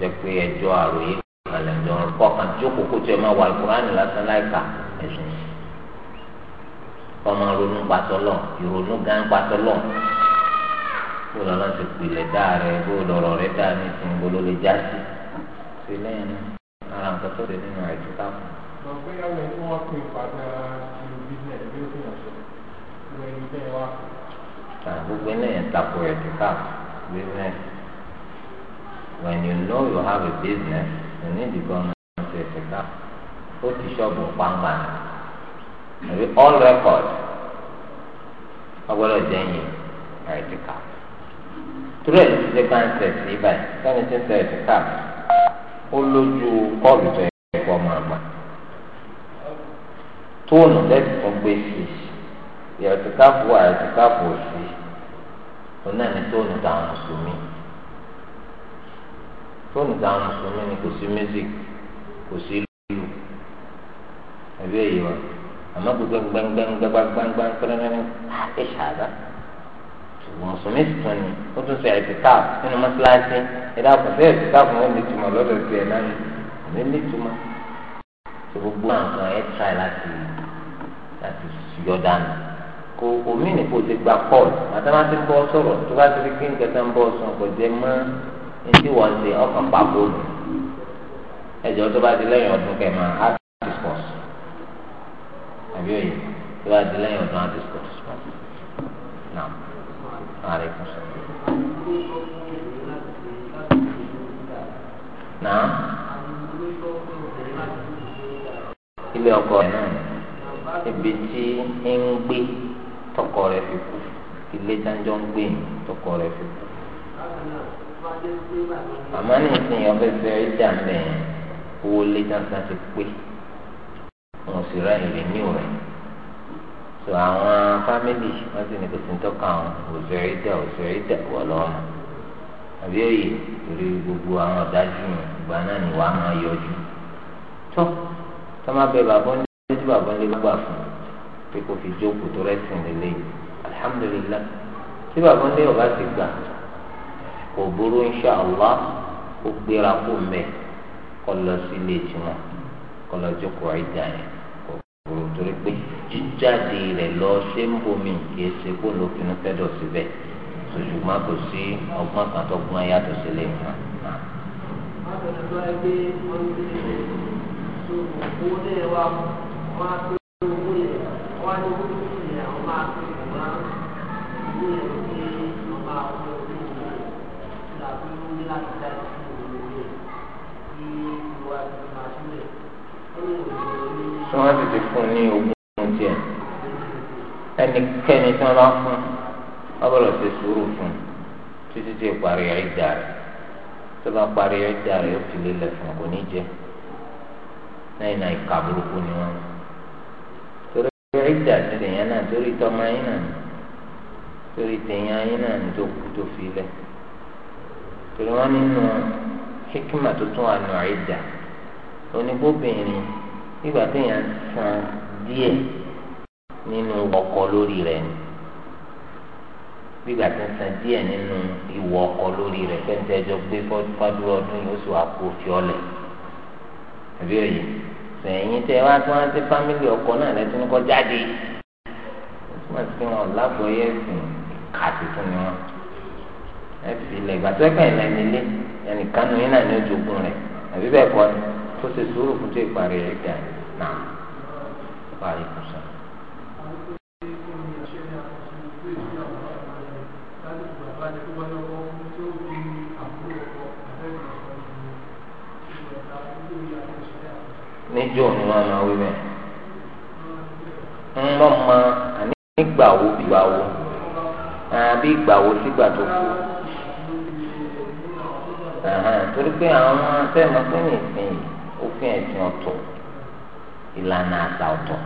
jẹ́ pé ẹjọ́ àròyé kalẹ̀ jọ kọkàn jókòó kó tiẹ̀ máa wà ìkúránì lásán láìka ẹ̀sùn ọmọ ronú patọ́lọ̀ ìrònú gan patọ́lọ̀ kó lọ́nà ti pilẹ̀ dá rẹ kó lọ́rọ̀ rẹ dá ní ìsìn gbolo lè já sí ṣe lẹ́yìn ara nǹkan tó lè nínú àìsí káfọ́. sọ pé àwọn ẹni wọn pè padà ju bísíǹnẹ̀ bí ó fìyàn sọ ìwé ẹni bẹ́ẹ̀ wá. gbogbo ẹni yẹn takò ẹ̀dùn káfọ́ bísíǹnẹ̀ when you know you have a business you need to the government to set up ó ti ṣọ́ọ̀bù pàmpà àbí all record ọgbọ́dọ̀ jẹ́yìn ẹ̀ẹ́dìkà torí ẹ̀ ti ṣe bá ń tẹ̀ sí ibà sẹ́ni tí ń tẹ̀ ẹ̀ẹ́dìkà ó lójú kọ́ọ̀lù tó yẹ kó máa gbà tóònù lẹ́sì tó gbé sí ẹ̀ẹ́dìkà fún ẹ̀ẹ́dìkà fún òsì ó náà ní tóònù táwọn mùsùlùmí fóònù táwọn mùsùlùmí ni kò sí music kò sí lùlù ẹbí èyí wa àmọ́ gbogbo gbẹngbẹngbẹngbẹngbẹngbẹng pẹrẹmẹrẹ ah, ẹ ṣàdá mùsùlùmí tuntun ni ó tún sọ ẹtìká nínú mọ́sálásí ẹ̀dá kò fẹ́ ẹtìká fún wọn nítumọ̀ lọ́dọ̀ tiẹ̀ náà ní nítumọ̀ tó gbogbo àwọn ẹ̀ tíráì láti láti yọ dànù kò omi nìkó ti gba paul màtá má ti bọ́ sọ̀rọ̀ tó bá ti rí kí nǹkan tó ń bọ́ sọ̀rọ̀ kò jẹ́ mọ́ ntí wọ́n ṣe ọkàn pàbó lò ẹ̀jọ̀ tó bá di lẹ́yìn ọdún kẹ̀mà á discuss àbí òye tó bá di lẹ́yìn ọdún á discuss náà ààrẹ kù sọ. náà ilé ọkọ rẹ náà ibi tí ń gbé tọkọ rẹ fi kú ilé jájọ ń gbé tọkọ rẹ fi kú àmọ́ ní ìsìn ọ̀fẹ́ fẹ́ ìjà mẹ́rin owó lé dáadáa ti pé wọn sì rà ìrè ní òrẹ́ so àwọn fámìlì wọn sì ní kò sí tọ́ka àwọn òṣèré ìjà òṣèré ìjà wọ̀ lọ́wọ́ àbí òye torí gbogbo àwọn ọ̀dájú ìgbà náà ni wàá máa yọjú tó tó má bẹ bàbá ń lé tí bàbá ń lé gbà fún pé kò fi jókòó tó rẹ́sìn lélẹ́yìn alihamudulilayi tí bàbá ń lé ti gbà kò burú insha Allah ó gbéra kó mẹ kó lọ sí ilé tiwọn kó lọ jókòó ìdá yẹn kò burú torí pé jíjáde rẹ̀ lọ ṣé ń bomi kìí ṣe kó ló pinnu fẹ́ dọ̀ síbẹ̀ ṣùgbọ́n kò sí ọgbọ́n kan tó gbọ́n yàtọ̀ sílẹ̀ nǹkan. Thank you. tí wọ́n sì ti fún ní ogún tiẹ̀ ẹnikẹ́ni tí wọ́n bá fún wọ́n bọ̀rọ̀ ṣe sùúrù fún títí tí parí ẹ̀dá rẹ̀ tó bá parí ẹ̀dá rẹ̀ ó fi lélẹ̀ fún kò ní lẹ́yìn náà ìka burúkú ni wọ́n torí ẹ̀dá ti lè yẹn náà torí tọ́mọ yín náà torí tẹ̀yìn yín náà tó kú tó fi lẹ̀ pẹ̀lú wọn nínú hikima tuntun àná ìjà onígbóbìnrin nígbà téèyàn san díẹ̀ nínú ọkọ lórí rẹ̀ ni gbígbà tí ń san díẹ̀ nínú ìwọ ọkọ lórí rẹ̀ fẹ́ǹtẹ́ ẹjọ́ gbé fọ́dúró ọdún yóò sì wá kó fi ọlẹ̀ àbí òye sẹ̀yìn tẹ wá tí wọ́n ti fámìlì ọkọ náà lẹ́tún kọ́ jáde ti fi hàn lábọ̀ yẹ́sìn kàtìtún ni wọ́n ẹ fi lẹ̀ ìgbà tó ẹ kàn lẹ́ni ilé ẹnìkan nù yín náà ní ojú ogun rẹ̀ àbí bẹ́ẹ̀ kọ́ ni tó ṣe sùúrù fún tó ìparí rẹ̀ dà náà parí kùsà. níjọ́ ni wọ́n máa wí bẹ́ẹ̀ ń mọ̀ máa nígbà wo bí wà wo àbí ìgbà sígbà tó kù torí pé àwọn sẹ́ẹ̀mọ́ pé ní ìsìn yìí òfin ẹ̀sìn ọ̀tọ̀ ìlànà àṣà ọ̀tọ̀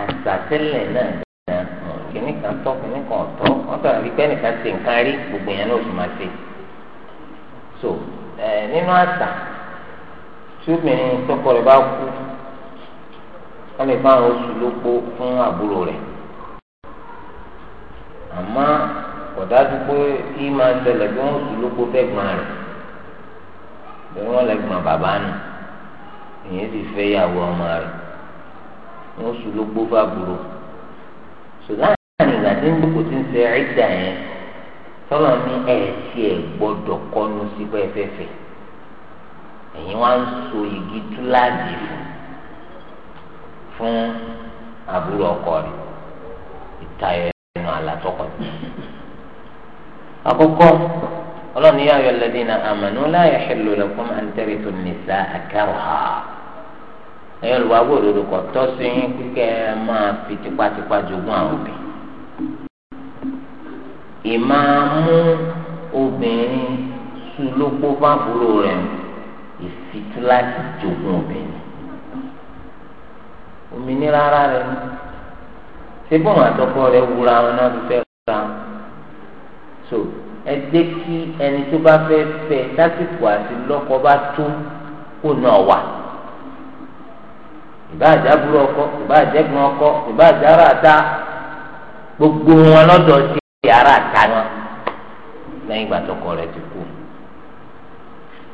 àṣà tẹ́lẹ̀ náà kìnnì kan tọ́ kìnnì kan ọ̀tọ̀ wọ́n tọ̀ àbí pé ẹnìkan ṣe nǹkan rí gbogbo yẹn náà máa ṣe so nínú àṣà tí obìnrin tọkọ rẹ̀ bá kú wọ́n lè bá àwọn oṣù lóko fún àbúrò rẹ̀ àmọ́ kò dájú pé kí máa ṣẹlẹ̀ bí wọ́n sùn lóko fẹ́gbọ́n rẹ̀ bí wọ́n lẹ́gbọ́n bàbá nù ìyẹn sì fẹ́ yàwó ọmọ rẹ̀ wọ́n sùn lóko fàbúrò ṣùgbọ́n àwọn ìgbà tí ń gbókò ti ń ṣe ẹ̀dà yẹn tọ́lọ̀ ní so igi túláàdì fún àbúrò ọkọ rẹ̀ ìtayọ̀ àlàtọ́kọ̀tì. Akụkọ ọlọ́ni yà yọ na àmàlú láyà ṣẹlẹ̀ lẹ́kùn àǹtẹ̀rẹ̀ tó nìsa àkàrà ẹ̀yọ́ lùwà gbòdòdò kọ̀ tọ́ kíkẹ́ máa fi tipátipá jogún àwọn òbí. ìmáàmù obìnrin sùn ló kó fáfúró rẹ̀ ìfitú láti jogún obìnrin. òmìnira ara rẹ̀ ṣé so ẹ jẹ́ kí ẹni tó bá fẹ́ fẹ́ lásìkò àti lọ́kọ bá tó kó náà wà ìbá àjábúrò ọkọ ìbá àjẹgbọn ọkọ ìbá àjára àta gbogbo wọn lọ́dọ̀ sí yàrá àta wọn lẹ́yìn ìgbà tọkọ ti kú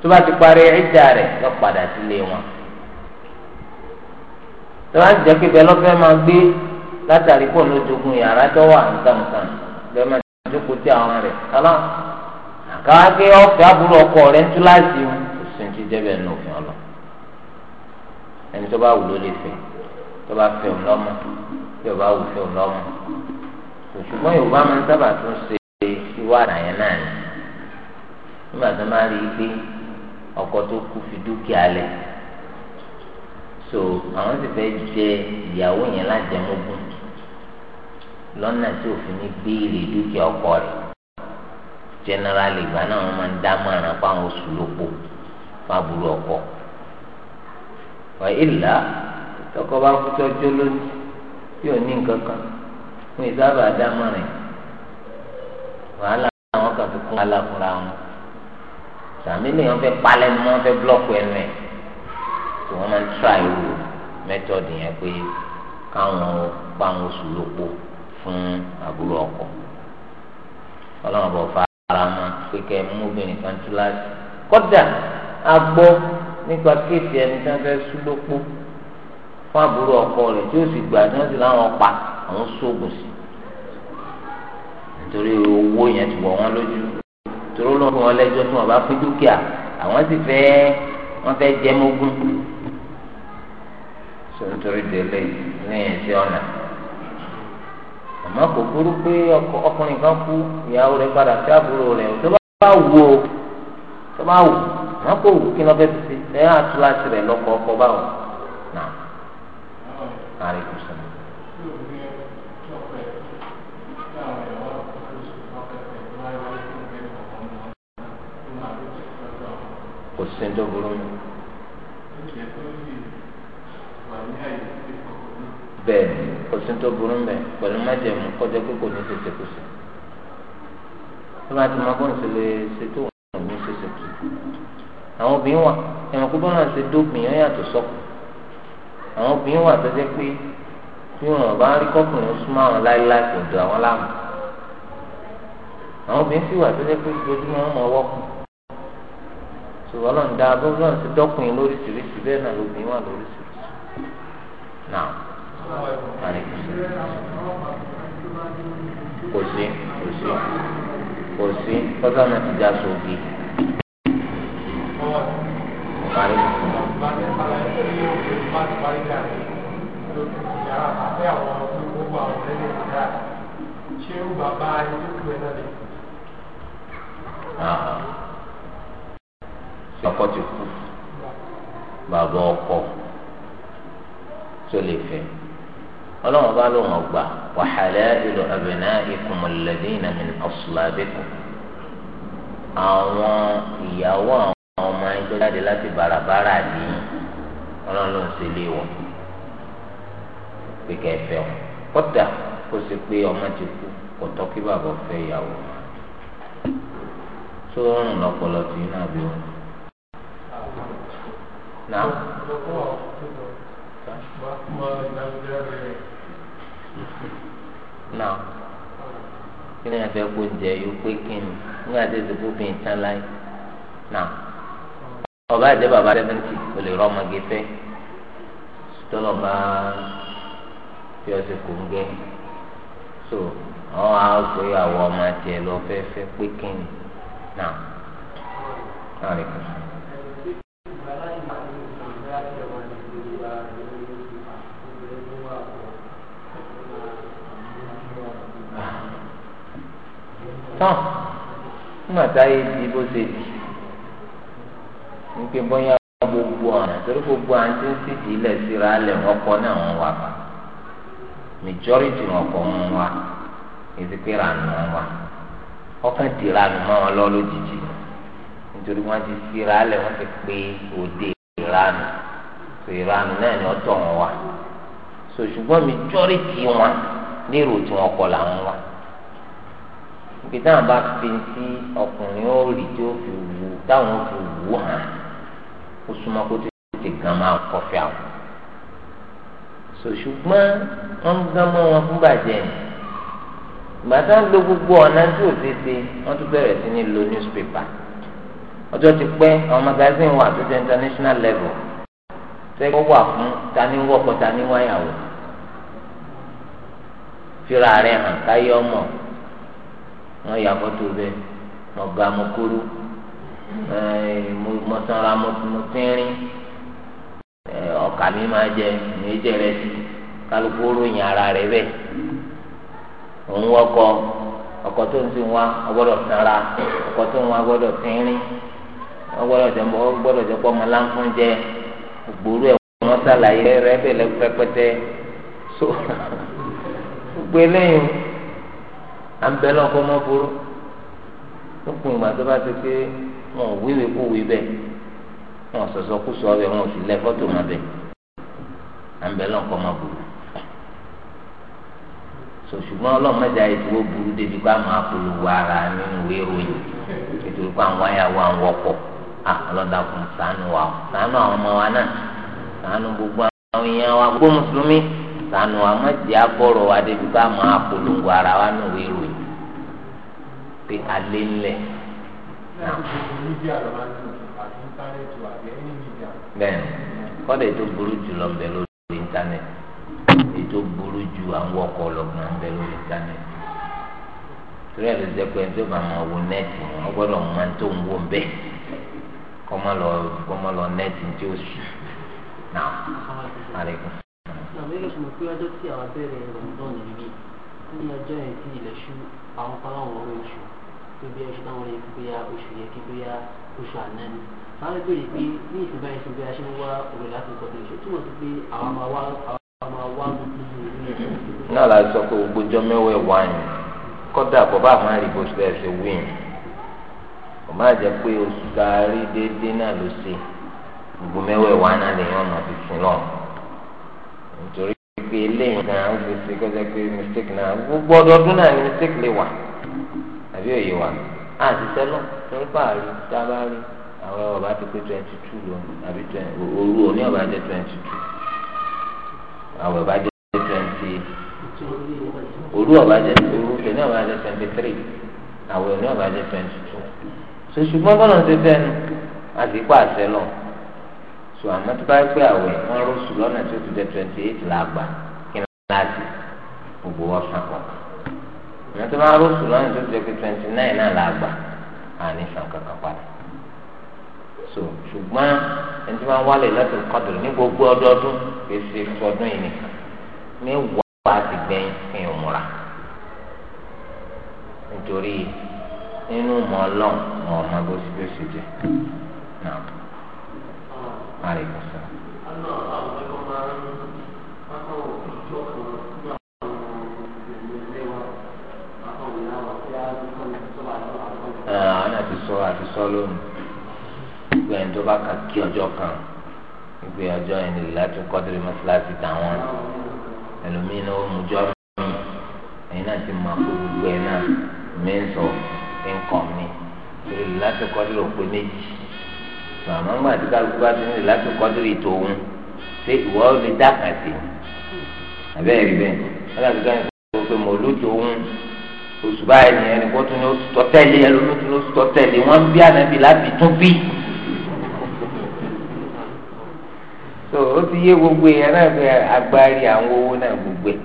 tó bá ti parí rẹ lọ padà sílé sí àwọn rẹ̀ kálá àkàwé ọ̀fẹ́ àbúrò ọkọ rẹ̀ ń tú láti wọn kò sí ní ti jẹ́ bẹ́ẹ̀ ní òfin ọlọ ẹni tó bá wù ló lè fẹ́ tó bá fẹ́ òun lọ́mọ tí ọba wù fẹ́ òun lọ́mọ ṣùgbọ́n Yorùbá máa ń sábà tún ṣe ìwà àyàn náà ni nígbà tó máa rí i pé ọkọ tó kú fi dúkìá lẹ̀ so àwọn sì fẹ́ jẹ ìyàwó yẹn lájẹmógún lọ́nà tí òfin ní béèrè dúkìá ọkọ rẹ̀ jẹnẹrali ìgbà náà wọ́n máa ń dá mọ̀ràn fáwọn oṣù lóko fún aburú ọkọ wà ìlà tọkọ bá kú tọjọ lónìí tí ò ní nǹkan kan fún ìsábà dá mọ̀ràn wàhálà àwọn kan fi kún alákùnrin àwọn sàmì ni wọ́n fẹ́ palẹ̀ mọ́ wọ́n fẹ́ blọọkù ẹnu ẹ tí wọ́n máa ń tíra ìwò mẹtọọdù yẹn pé káwọn báwọn oṣù lóko fún àbúrò ọkọ ọlọ́run bọ̀ fara mọ́ pé kẹ́ mú obìnrin kan tú láti kọ́dà a gbọ́ nípa kéèsì ẹni tí wọ́n fẹ́ sú lópó fún àbúrò ọkọ rẹ̀ tí ó sì gbà tí wọ́n sì láwọn pa àwọn sóògùn sí nítorí owó yẹn ti wọ̀ wọ́n lójú torí ó lọ́ fún wọn lẹ́jọ́ tí wọ́n bá pín dúkìá àwọn sì fẹ́ wọ́n fẹ́ jẹ́ mógún nítorí délé lẹ́yìn sí ọ̀nà àmọ́ kò burú pé ọkùnrin kan kú ìyàwó rẹ̀ padà sí àbúrò rẹ̀ tó bá wù ó tó bá wù àmọ́ kò wù kí lọ́bẹ̀ ti ṣe ẹ̀ àtúláṣí rẹ̀ lọ́kọ̀ ọkọ̀ báwọn náà àríkù sọ. kò sí ní dọ́gbọ́rọ́ mi. bẹ́ẹ̀ kò sí tó burú mbẹ pẹ̀lú májẹ̀mú kọjá pé kò ní ṣèṣe kù sí. tó bá ti mọ bọ́ọ̀n sì lè ṣe tó wọn ní ṣèṣe kù. àwọn obìnrin wà ẹ̀wọ̀n kó bọ́ọ̀n ṣe dópin yẹn yàtọ̀ sọ́kù. àwọn obìnrin wà tó jẹ́ pé bí wọn bá rí kọkùnrin súnmọ́ àwọn láéláé kò dùn àwọn láàmú. àwọn obìnrin sì wà tó jẹ́ pé ojoojúmọ́ wọn mọ ọwọ́ kù. ṣùgbọ́n lọ́n da bọ́ọ̀n ti dọ́kùnrin lóríṣiríṣi bẹ́ẹ̀ náà lóbìnrin wà lóríṣiríṣi. náà kò sí kò sí kò sí kọ́tà náà ti já sóògì. ọkọ ti kú bàbá ọkọ tó lè fẹ́ ọlọ́run bá ló hàn gbà wa halailu abnaikum alladhina min aslabikum àwọn ìyàwó àwọn ọmọ yín tó jáde láti bàràbàrà ní ọlọ́run ló ń ṣe lé wọn pé kẹfẹ́ wọn kọ́tà kó sì pé ọmọ ti kú kò tọ́ kí bàbá fẹ́ ìyàwó tó rọrùn lọ́pọ̀lọ́ tí iná bí wọn. nà kí ni àfẹ́ kó jẹ yóò pé kí ni nígbà tí èsì kó bìn tán láyé nà ọba àjẹ bàbá sẹ́fẹ̀ntì kò lè rọ́ ọmọge bá fi ń so àwọn àgbẹ̀ ìyàwó ọmọ àti lọ pé tán nígbà tá a yé di bó ṣe di bóyá gbogbo torí gbogbo àwọn tí ń sì di ilẹ̀ síra ọkọ náà wọn wà pa majority ọkọ nwa? wà èsì ti mọ́ wọn lọ lójijì nítorí wọn ti síra wọn ti pé òde ìranù tó ìranù náà ni ọ̀tọ̀ wọn wà majority pé táwọn bá fi ti ọkùnrin ó rí tí ó fi wù táwọn ó fi wù hàn ó súnmọ́ kó tó ti gan máa kọfí àwọn. sòṣùgbọ́n wọ́n ń gán mọ́ wọn fún bàjẹ́ ni gbàtà ń lo gbogbo ọ̀nà tí ò ṣe ṣe wọ́n tún bẹ̀rẹ̀ sí ní lo newspaper ọjọ́ ti pẹ́ àwọn magazine wà tó jẹ́ international level tẹ́ kó wà fún tani wọ́pọ̀ tani wáyàwó fira rẹ̀ hàn káyọ̀ mọ̀. wọ́n yà fọ́tò bẹ́ẹ̀ mo ga mo kúrú mo sanra mo tínrín ọkà mi máa jẹ ìrẹ́jẹ rẹ sí kálukú ròyìn ara rẹ bẹ́ẹ̀ òun ọkọ tó ń sin wa ọgbọ́dọ̀ sanra ọkọ tó ń wa gbọ́dọ̀ tínrín ọgbọ́dọ̀ jẹ jẹ ọmọ jẹ gbòòrò so à ń bẹ lọ́kọ́ mọ́ burú ó kùn ìgbà tó bá ti pé wọn ò wíwèé kó wí bẹ́ẹ̀ wọn ò sọ̀sọ́ kú sọ bẹ́ẹ̀ wọn ò sì lẹ́ fọ́tò mọ́ bẹ́ẹ̀ à ń bẹ lọ́kọ́ mọ́ burú sòṣùgbọ́n ọlọ́mọdé àìsíwó burú débi pé àwọn apolówó ara nínú ìwé ìròyìn nítorí pé àwọn ayáwó àwọn ọkọ̀ ọlọ́dà kùn ṣàánú wa ṣàánú àwọn ọmọ wa náà ṣàánú gbogbo àwọn èèyàn wa gbogbo mùsùlùmí ṣàánú wa má jẹ́ àbọ̀rọ̀ wa débi pé àwọn apolówó ara wa nínú ìwé ìròyìn pé alẹ́ ńlẹ̀. bẹ́ẹ̀ kọ́dà ètò burú jù lọ bẹ lórí íńtánẹ́ẹ̀tì ètò burú jù àwọn ọkọ̀ ọlọ́gbọ̀n bẹ lórí íńtánẹ́ẹ̀tì torí ẹ̀ ló jẹ́ pé ẹni tó bá máa wo nẹ́ẹ̀tì wọ́n gbọ́dọ̀ máa tó ń wo bẹ́ẹ̀ kọ́ má lọ nẹ́ẹ̀tì tí ó sùn náà àlékún. àbẹ̀rẹ̀ sọ̀rọ̀ ọjọ́ tí àwọn abẹ́rẹ́ rẹ̀ ń dán nìyí ní ọjọ́ yẹn tí ilẹ̀ ṣú àwọn fọláwọn ọ̀rọ̀ ìṣù pé bí ẹṣin táwọn yẹn pé ya oṣù yẹ kí a ṣe ń wá òwe láti sọ pé ṣe túmọ̀ sí pé àwọn máa wá àwọn máa wá gbogbo ìlú náà la sọ pé gbogbo ọjọ́ mẹ́wàá wà ní kódà bàbá àmọ́ àríbó ṣe kọjá pé mistake náà gbogbo ọdọọdún náà ni mistake lè wà àbí òye wa á ti sẹ́lọ̀ torí pààrí tá a bá rí àwọn ọba ti pé twenty two lọ àbí òru òní ọba jẹ twenty two àwọn ọba jẹ twenty òru ọba jẹ òru òní ọba jẹ twenty three àwọn òní ọba jẹ twenty two so ṣùgbọ́n bọ́lá ti fẹ́ nu àti pa àṣẹ lọ so àmọ́ tó bá pé àwẹ̀ wọ́n rọ̀ sùn lọ́nà tó ti jẹ twenty eight làgbà kí n láti gbogbo ọ̀sán kọ̀ọ̀kan ìyẹn tó bá rọ́ọ̀sù lọ́yìn tó jẹ́ pé twenty nine náà la gbà àní san kankan padà so ṣùgbọ́n ẹni tí wọ́n wálé lẹ́tọ̀ kọ́dùrú ní gbogbo ọdọọdún kì í ṣe fọdún yìí nìkan mẹ́wàá ti gbẹ̀yìn fi hàn múra nítorí nínú mọ́ ọlọ́run mọ́ ọmọ bó ṣe bó ṣe jẹ́ náà. lónìí gbogbo ẹni tó bá kà kí ọjọ́ kan gbogbo ọjọ́ ẹni láti kọ́dúrì mọ́sálásí táwọn ẹlòmíín náà ó mú jọ́ mi ẹ̀yin náà ti mọ àpò gbogbo ẹ̀ náà mẹ́ńsọ̀ ẹ̀ńkọ̀ mi torí láti kọ́dúrì òpé méjì màmá ń gbà tí kálukú bá ti ní láti kọ́dúrì tòun ṣé ìwọ lè dákàtì àbẹ́ẹ̀rí bẹ́ẹ̀ ọ̀làbíkà ń sọ pé mọ̀lúdòun oṣù báyìí nìyẹn nìkan tún ní oṣù tọ́tẹ́lẹ̀ ẹlòmíràn tún ní oṣù tọ́tẹ́lẹ̀ wọ́n ń bí ànábì láti tún bí. so ó ti yé gbogbo yẹn náà fẹ́ agbárí àwọn owó náà gbogbo ẹ̀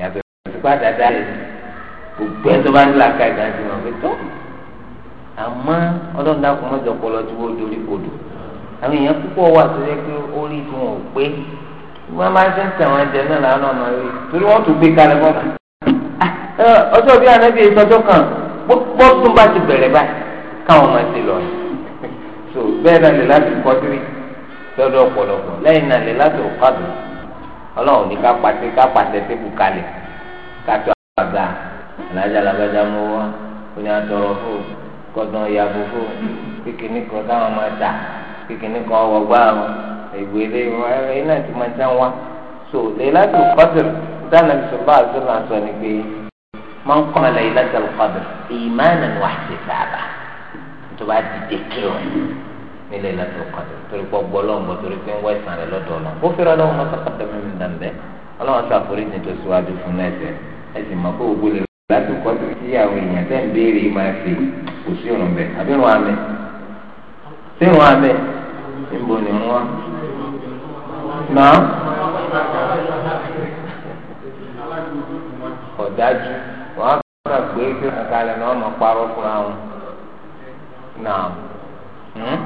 yàtọ̀ ìpá dada rẹ̀ gbogbo ẹ̀ tó bá ń là ká ìgbà tí wọ́n fi tó. àmọ́ ọlọ́run dákun mọ́jọ pọlọ tí wọ́n dorí kodò àwọn èèyàn púpọ̀ wà tó yẹ pé ó rí tí wọn ò pé wọ́n máa ń ṣe ń jẹ náà láwọn ọ̀nà yìí torí wọ́n tún gbé kalẹ̀ bọ́ọ̀lù ọjọ́ bí anabi ìtọ́jọ́ kan gbọ́ tó bá ti bẹ̀rẹ̀ báyìí káwọn máa ti lọ so bẹ́ẹ̀ náà lè láti kọ́tírì lọ́dọ̀ ọ̀pọ̀lọpọ̀ lẹ́yìn náà lè láti ọ̀kadù ọlọ́run ní ká pàṣẹ ká pàṣẹ tẹ́kù kalẹ̀ kátó àgbà alájà làbájá mú wá oní àtọrọ fún kọ́dán ìyàbò fún kékeré kan káwọn máa dà kékeré kan ọ̀gbá àwọn ìwé lé ẹ̀ náà ti máa so lè láti ọ̀kadù dáná bisọ̀ bá من قام ليلة القدر إيمانا واحتسابا تبع تذكر ní Lailatul Qadr torí pé ọgbọ Ọlọ́run bọ torí pé ń wá ìsàn rẹ lọ́dọ̀ Ọlọ́run ó fẹ́rẹ̀ Ọlọ́run mọ sọkàtà mímú dàmbẹ Ọlọ́run sọ àforíjì tó síwájú fún ẹsẹ ẹsìn mọ pé ògbó lè Lailatul Qadr tí àwọn èèyàn tẹ́ ń béèrè máa fi kò sí òrùn bẹ àbí wọn amẹ sí wọn amẹ níbo ni wọn náà ọ̀dájú wọ́n kà gbé ibi kankalẹ̀ náà mọ̀ parọ́ fún àwọn náà. Hmm?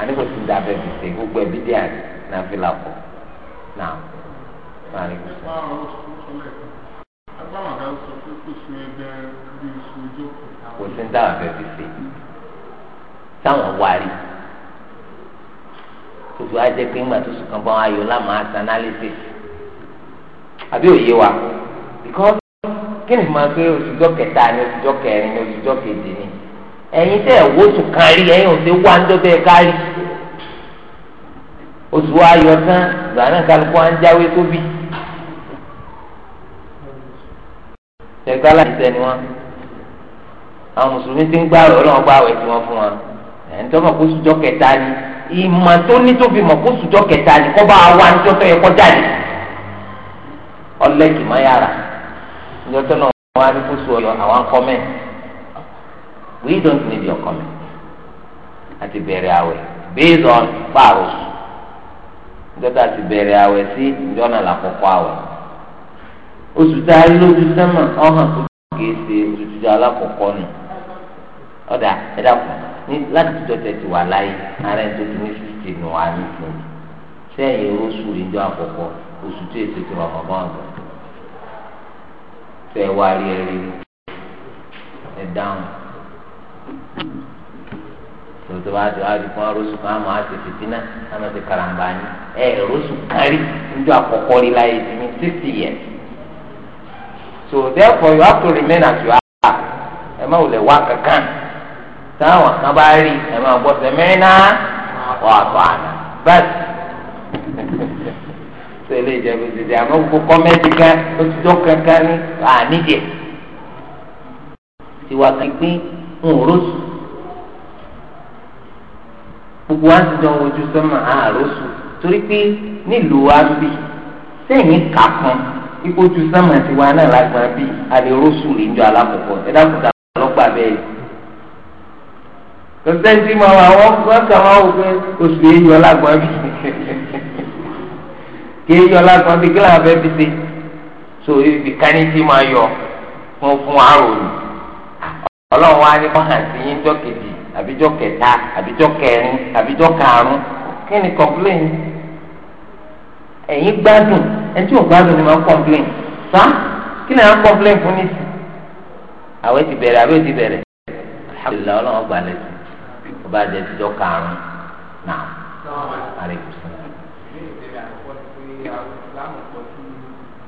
àní kò sí dàbẹ̀ bìtì gbogbo ẹbí díẹ̀ náà fi là pọ̀ náà. kò sí dàbẹ̀ bìtì táwọn wárí tòtò ajẹ́ pé ńgbà tó sùn kan bọ́ ayọ̀ lámà analysis àbí òye wa because kí ni màá pé oṣùjọ́ kẹta ni oṣùjọ́ kẹrin ni oṣùjọ́ kejì ni ẹ̀yin tẹ́ ẹ̀ wo oṣù kan rí ẹ̀yin ò ṣe wá ń dọ́bẹ̀ ká rí oṣù ayọ̀ tán gbàánà kálukú á ń jáwé tóbi ṣẹ̀gbá láti sẹ́ni wọn àwọn mùsùlùmí ti ń gbá ọ̀rọ̀ náà gbá àwẹ̀ tí wọ́n fún wọn ẹ̀ ń tọ́mọ̀ kó oṣùjọ́ kẹta ni ìmọ̀ tó ní tóbi mọ̀ kó oṣùjọ́ kẹta ni kọ́ bá wa ń tọ́tọ́ yẹ kọjá ni. ọlẹ́kì má yára ìjọ tó náà wọn á ní kó àwọn we don't need your comment àti bẹ̀rẹ̀ àwẹ̀ based on paros ìjọ tó àti bẹ̀rẹ̀ àwẹ̀ sí ìjọ náà làkọ́kọ́ àwẹ̀ oṣù tá a rí lójú sẹ́mà ọ̀hàn tó kìí ṣe oṣù tó alákọ̀ọ́kọ́ nù ọ̀dà ẹ̀dá kù ní láti tó tẹ̀ ti wà láyé ara ẹ̀ tó ti ní nù wá ní fún mi sẹ́yìn oṣù ìjọ àkọ́kọ́. oṣù tí èsì ti Ramadan tẹ wá rí ẹ dáhùn tòótọ́ bá ti wáá fún arósù kan àmọ́ àti fìtínà àmọ́ ti karambà ni ẹ rósù kárí níjọ́ àkọ́kọ́ rí láyé ti ní sixty years so therefore you have to remain as you are ẹ má wulẹ̀ kan bá rí ẹ má gbọ́ wà á tó ilé ìjẹ̀bù tètè àmọ́ gbogbo kọ́mẹ́tì kan ó ti tó kankan ní àníjẹ̀ tiwa kan pín ń rọ́ọ̀sù gbogbo wa ti jọ wojú sọ́mà àròsù torí pé nílùú wa bì sẹ́yìn kà kan ipò ojú sọ́mà tiwa náà lágbà bí àlèròsù rè ń jọ alákọ̀ọ́kọ́ ẹ̀dá kùtà lọ́gbà bẹ́ẹ̀ kò sẹ́ńtì máa wà wọ́n kà máa wò oṣù yẹn yọ lágbà bí kìí yọ lásán bí kílà abẹ́ fi ṣe so ibi kánítì máa yọ fún fún àròyìn ọlọ́run wa ni wọ́n hàn sí yín jọ́ kejì àbíjọ́ kẹta àbíjọ́ kẹrin àbíjọ́ karùn-ún kí ni complain ẹ̀yin gbádùn ẹ̀ tí ò gbádùn ni máa ń complain sá kí ni à ń complain fún nísì àwẹ̀ ti bẹ̀rẹ̀ àwẹ̀ ti bẹ̀rẹ̀ alhamdulilayi ọlọ́run gbalẹ̀ ọba jẹ́ tíjọ́ karùn náà ìgbà wo ìsìlámù pọ̀ sí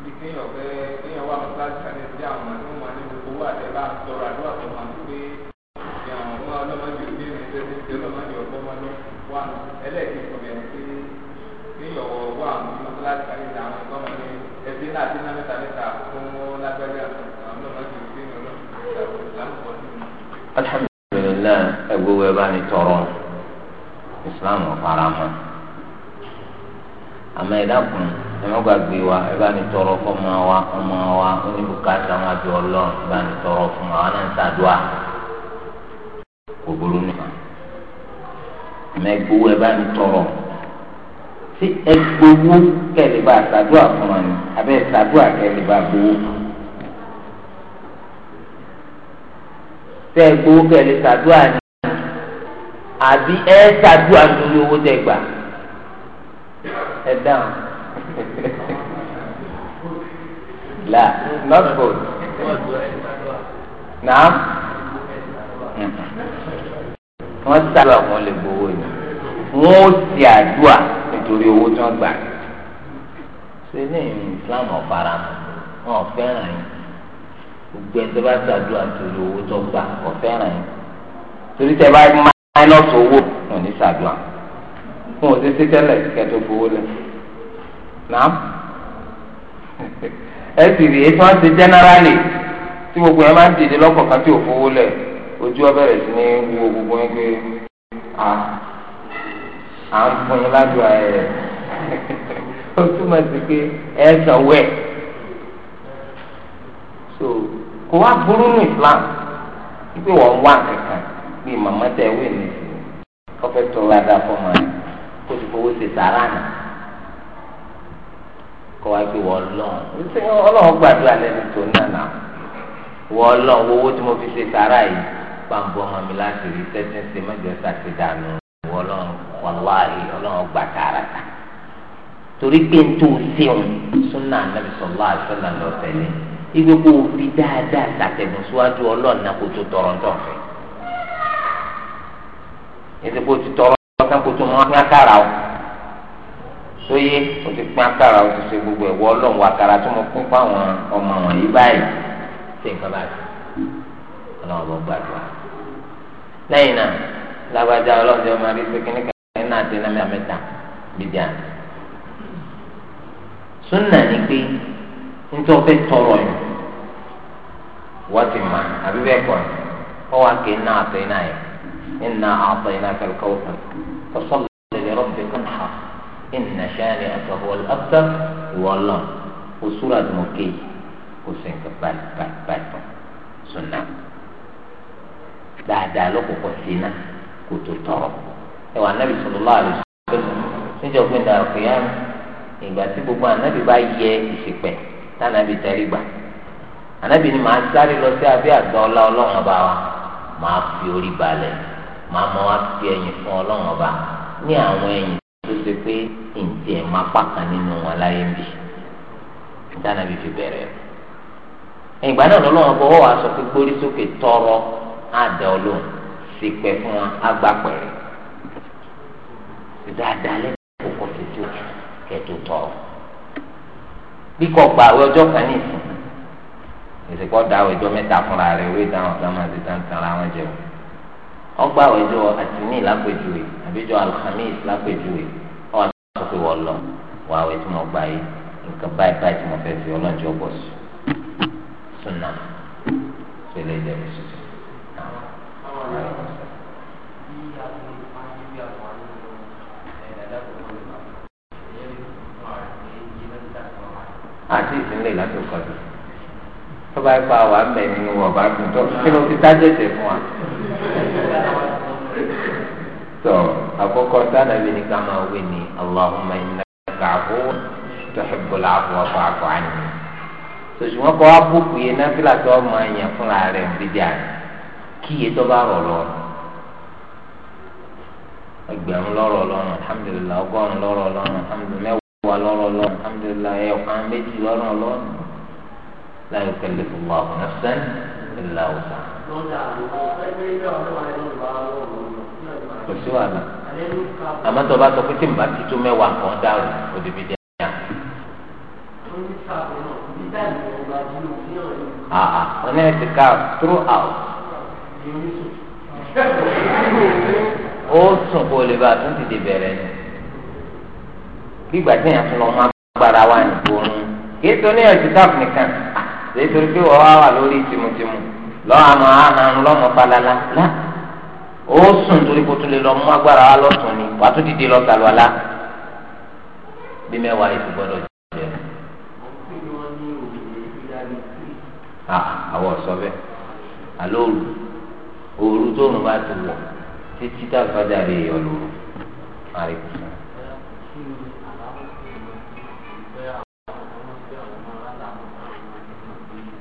bí kéèyàn fẹ́ kéèyàn wà lọ́sà jáde sí àwọn àti wọn máa ní gbogbo owó àti ẹ̀bá sọ̀rọ̀ àdúrà tó máa ń pé ìyàwó wọn ọlọ́mọdé òbí rẹ̀ ṣe ti ṣe ọlọ́mọdé ọgbọ́mọdé wà ẹlẹ́ẹ̀kejì ọ̀bẹ̀ ni pé kéèyàn wọ owó àwọn lọ́sà jáde sí àwọn ọgbọ́mọdé ẹbí náà ná mẹ́ta mẹ́ta fún wọn lágbájá àwọn ọlọ́mọdé òbí rẹ̀ ọlọ́mọdé àmọ́ ẹ dákun ẹ má gbàgbé wa ẹ bá ní tọrọ fọmọ wa ọmọ wa oníbùkátà wọn àti Ọlọ́run ẹ bá ní tọrọ fún wa wọn náà ń ṣàdúrà kò burú nípa àmọ́ ẹgbowó ẹ bá ní tọrọ tí ẹgbowó kẹlẹ bá ṣàdúrà fún wa ni abẹ ṣàdúrà kẹlẹ bá gbowó fún tẹ ẹgbowó kẹlẹ ṣàdúrà ni àbí ẹ ṣàdúrà lórí owó tẹ gbà ẹ dáhùn la not good naam wọn sáré àwọn lè gbowó ni wọn ó ṣe àdúà nítorí owó tí wọn gbà ṣe ní Islam ọ̀fara wọn ò fẹ́ràn yín gbogbo ẹni tó bá ṣàdúrà nítorí owó tó gbà kò fẹ́ràn yín torí tẹ bá máa ń lọ́sọ̀ owó wọn ní ṣàdúrà fún òṣèṣe tẹ́lẹ̀ kẹtó fowó lẹ̀ náà ẹ sì rí ètò àti jẹ́nẹ́rálì tí gbogbo yẹn máa ń dìde lọ́kọ̀ọ̀kan tí ò fowó lẹ̀ ojú ọ bẹ̀rẹ̀ sí ní wo gbogbo yẹn pé à à ń fún yín ládùúgbò ayẹ rẹ̀ ó túmọ̀ sí pé ẹ sanwó ẹ̀ so kò wá burú ní Islam wípé wọ́n wá kankan bíi màmá tẹ̀ wé nìyí ọ̀fẹ́ tó ládàá fún wa kó ti fowó ṣe sàrà nà kó wá gbé wọ́n lọ́n ọlọ́run gbàdúrà lẹ́nu tó ń nànà wọ́n lọ́n owó tí mo fi ṣe sàrà yìí pàǹbọ̀ ọmọ mi láti rí tẹ́tí ṣe mẹ́jọ ṣàti dànù wọ́n lọ́n wàláhì ọlọ́run gbà tààràtà torí pé tó ṣeun súnà nàbì sọ̀lá àṣọ̀nà lọ́tẹ̀lẹ̀ ìgbẹ́kọ̀ òbí dáadáa ṣàtẹ̀gùn síwájú ọlọ́ọ̀nà kò tó tọrọ ntọ́fẹ́ ètò kò tó tọrọ ọ̀sán kò tó mọ́ ní àkàrà o sóyè o ti pín àkàrà o ti ṣe gbogbo ẹ̀wọ́ ọlọ́run àkàrà tí mo pín fáwọn ọmọ wọn yìí báyìí ṣe nǹkan bá ti ọlọ́run bọ́ gbàdúrà lẹ́yìn náà lágbájá ọlọ́run jẹ́ ọmọ àbí pékinní kan náà dé náà mẹ́ta bíbí àná súnà ni pé nítorí wọ́n tọrọ yìí wọ́n ti mà àbí bẹ́ẹ̀ kọ́ ọ wá ké iná àtọ̀ iná yẹn iná àtọ̀ iná kẹlẹ́kọ́ فصل لربك انحر إن شانئك هو الأبتر والله وسورة مكي وسنك بات بات بات سنة بعد ذلك قصينا كتو ترى النبي صلى الله عليه وسلم níjọ́ pé dàrú kìyàmù ìgbà tí gbogbo ànábì bá yẹ ìṣèpẹ tànàbì tẹrí gbà ànábì ni màá sáré lọ sí abẹ́ àgbà ọlá ọlọ́run ọba wa màá fi orí balẹ̀ ní. màá ma wá fi ẹ̀yìn fún ọlọ́run ọba ní àwọn ẹ̀yìn tó ṣe pé ǹjẹ́ ẹ̀ máa nínú wọn láyé bì dáná bí fi bẹ̀rẹ̀ ìgbà náà lọ́lọ́run ọba wọ́n wá sọ pé gbórí tọrọ àdá ọlọ́run sì pẹ́ fún wọn agbápẹ̀rẹ̀ dáadáa kókó tọrọ àwọn kan ìsìnkú àwọn ìjọ fúnra wíwí dáhùn ọgbà àwẹjọ àtìní lápẹjùwe àbíjọ alhamis lápẹjùwe ọwọ àtúntò pé wọn lọ wọ àwẹ tí mo gbà yìí nǹkan báyìí báyìí tí mo fẹ́ fi ọlọ́njọ́ bọ̀ sí sunna ṣẹlẹ̀ ìjẹ̀bù sísè. àti ìsinlẹ̀ ìlàjọ kọjú tọ́ba ẹ̀fọ́ àwa mẹ́ nínú ọ̀bá dùn tó nínú títà jẹ̀jẹ̀ fún wa. tọ́ àkọ́kọ́ sáà bí ní ká máa wí ní Allahumma iná kàfó tọ́hìbùlà àfọwọ́ fàáfọ́ àyìn. sòṣùwọ́n kọ́ abúkù yẹn náfìlà tó ọmọ ẹ̀yàn fúnra rẹ̀ ń bíjà kíyè tọ́ba rọ̀ lọ. ẹgbẹ̀rún lọ́rọ̀ lọ́rùn alhamdulilayi ọgọ́rùn-ún lọ́rọ̀ lọ́rùn alhamdulilayi mẹ́wàá lọ́rọ̀ lọ́rùn alhamdulilayi ẹ̀ẹ̀kan méjì lọ́rùn lọ́rùn. لا يكلف الله nafsan illa wus'aha. kò sí wàhálà àmọ́ tó o bá sọ pé tí n bá ti tún mẹ́wàá kan dárò òdìbí dẹ́ yá. àà ní ẹ̀sìn ká throughout. ó sùn kó o lè bá a tún ti di bẹ̀rẹ̀ ni bí ìgbà tí èèyàn tún lọ máa gbára wa ní ìgboro kì í ní ẹ̀sìn káàpù nìkan èyí torí pé wọ́n wá wà lórí tìmùtìmù lọ́wọ́ àmọ́ ahàn lọ́mọ falala lá ó sùn torí kó tún lè lọ mú agbára wa lọ́sùn ni wàá tún dìde lọ sàlùwàlá bí mẹ́wàá yìí ti gbọ́dọ̀ jẹ́. àwọ̀ sọ bẹ́ẹ̀ àlọ́ òru òru tóun bá ti wọ̀ títí tá a fàjà lè yọ lóru àríkùsùn.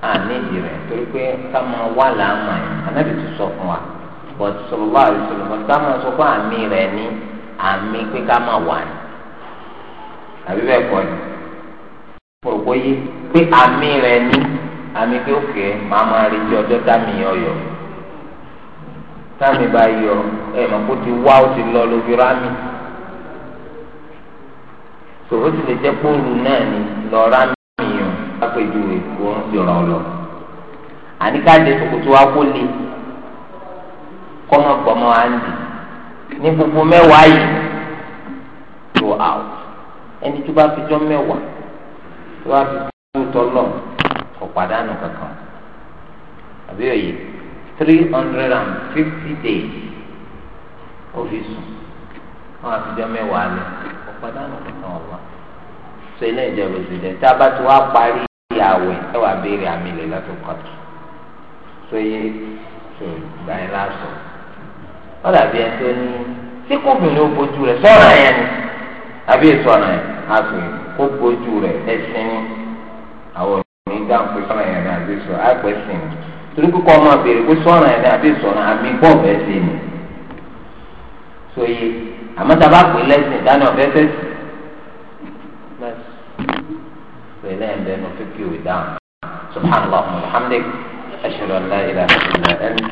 àníjì rẹ̀ torí pé ká máa wà láàmà yìí anábì ti sọ fún wa but sọlọ́wọ́ àdìsọ̀rọ̀ ká máa sọ fún àmì rẹ̀ ní àmì pé ká máa wà ní àbí bẹ́ẹ̀ kọ́ ni mo rò pé yí pé àmì rẹ̀ ní àmì pé òkè màá máa rí bí ọjọ́ dámì ọyọ̀ táàmì bá yọ ẹ̀ mọ̀ kó ti wá ó ti lọ lóbi rámì tòwó ti lè jẹ́ kóòlù náà ni lọ rámì lápẹjù rẹ wọn sì ràn ọ lọ àníkàdé sòkòtò akóle kọmọgbọmọ àǹdì ní gbogbo mẹ́wàá yìí tó out ẹni tó bá fi jọ mẹ́wàá tó bá fi kú tọlọ ọ̀pàdánù kankan àbí òye three hundred and fifty days ọfíìsù wọn àti jọ mẹ́wàá ni ọ̀pàdánù kankan ọ̀la sọ ilé ìjọba ìṣẹ̀lẹ̀ tá a bá ti wá parí lórí ẹ wà béèrè àmì ilẹ̀ lọ́tò kọ́tù sóyè tó gbà yín lásán wọ́n dàbí ẹ tó ní tí kò bìnrin ó bójú rẹ̀ ni àbí ìsọ̀nà yẹn á kó bójú rẹ̀ àwọn yẹn ni àbí á pè torí kíkọ́ ọmọ béèrè pé yẹn ni àbí ìsọ̀nà àmì ni sóyè فإليه بين سبحان الله وبحمدك أشهد أن لا إله إلا أنت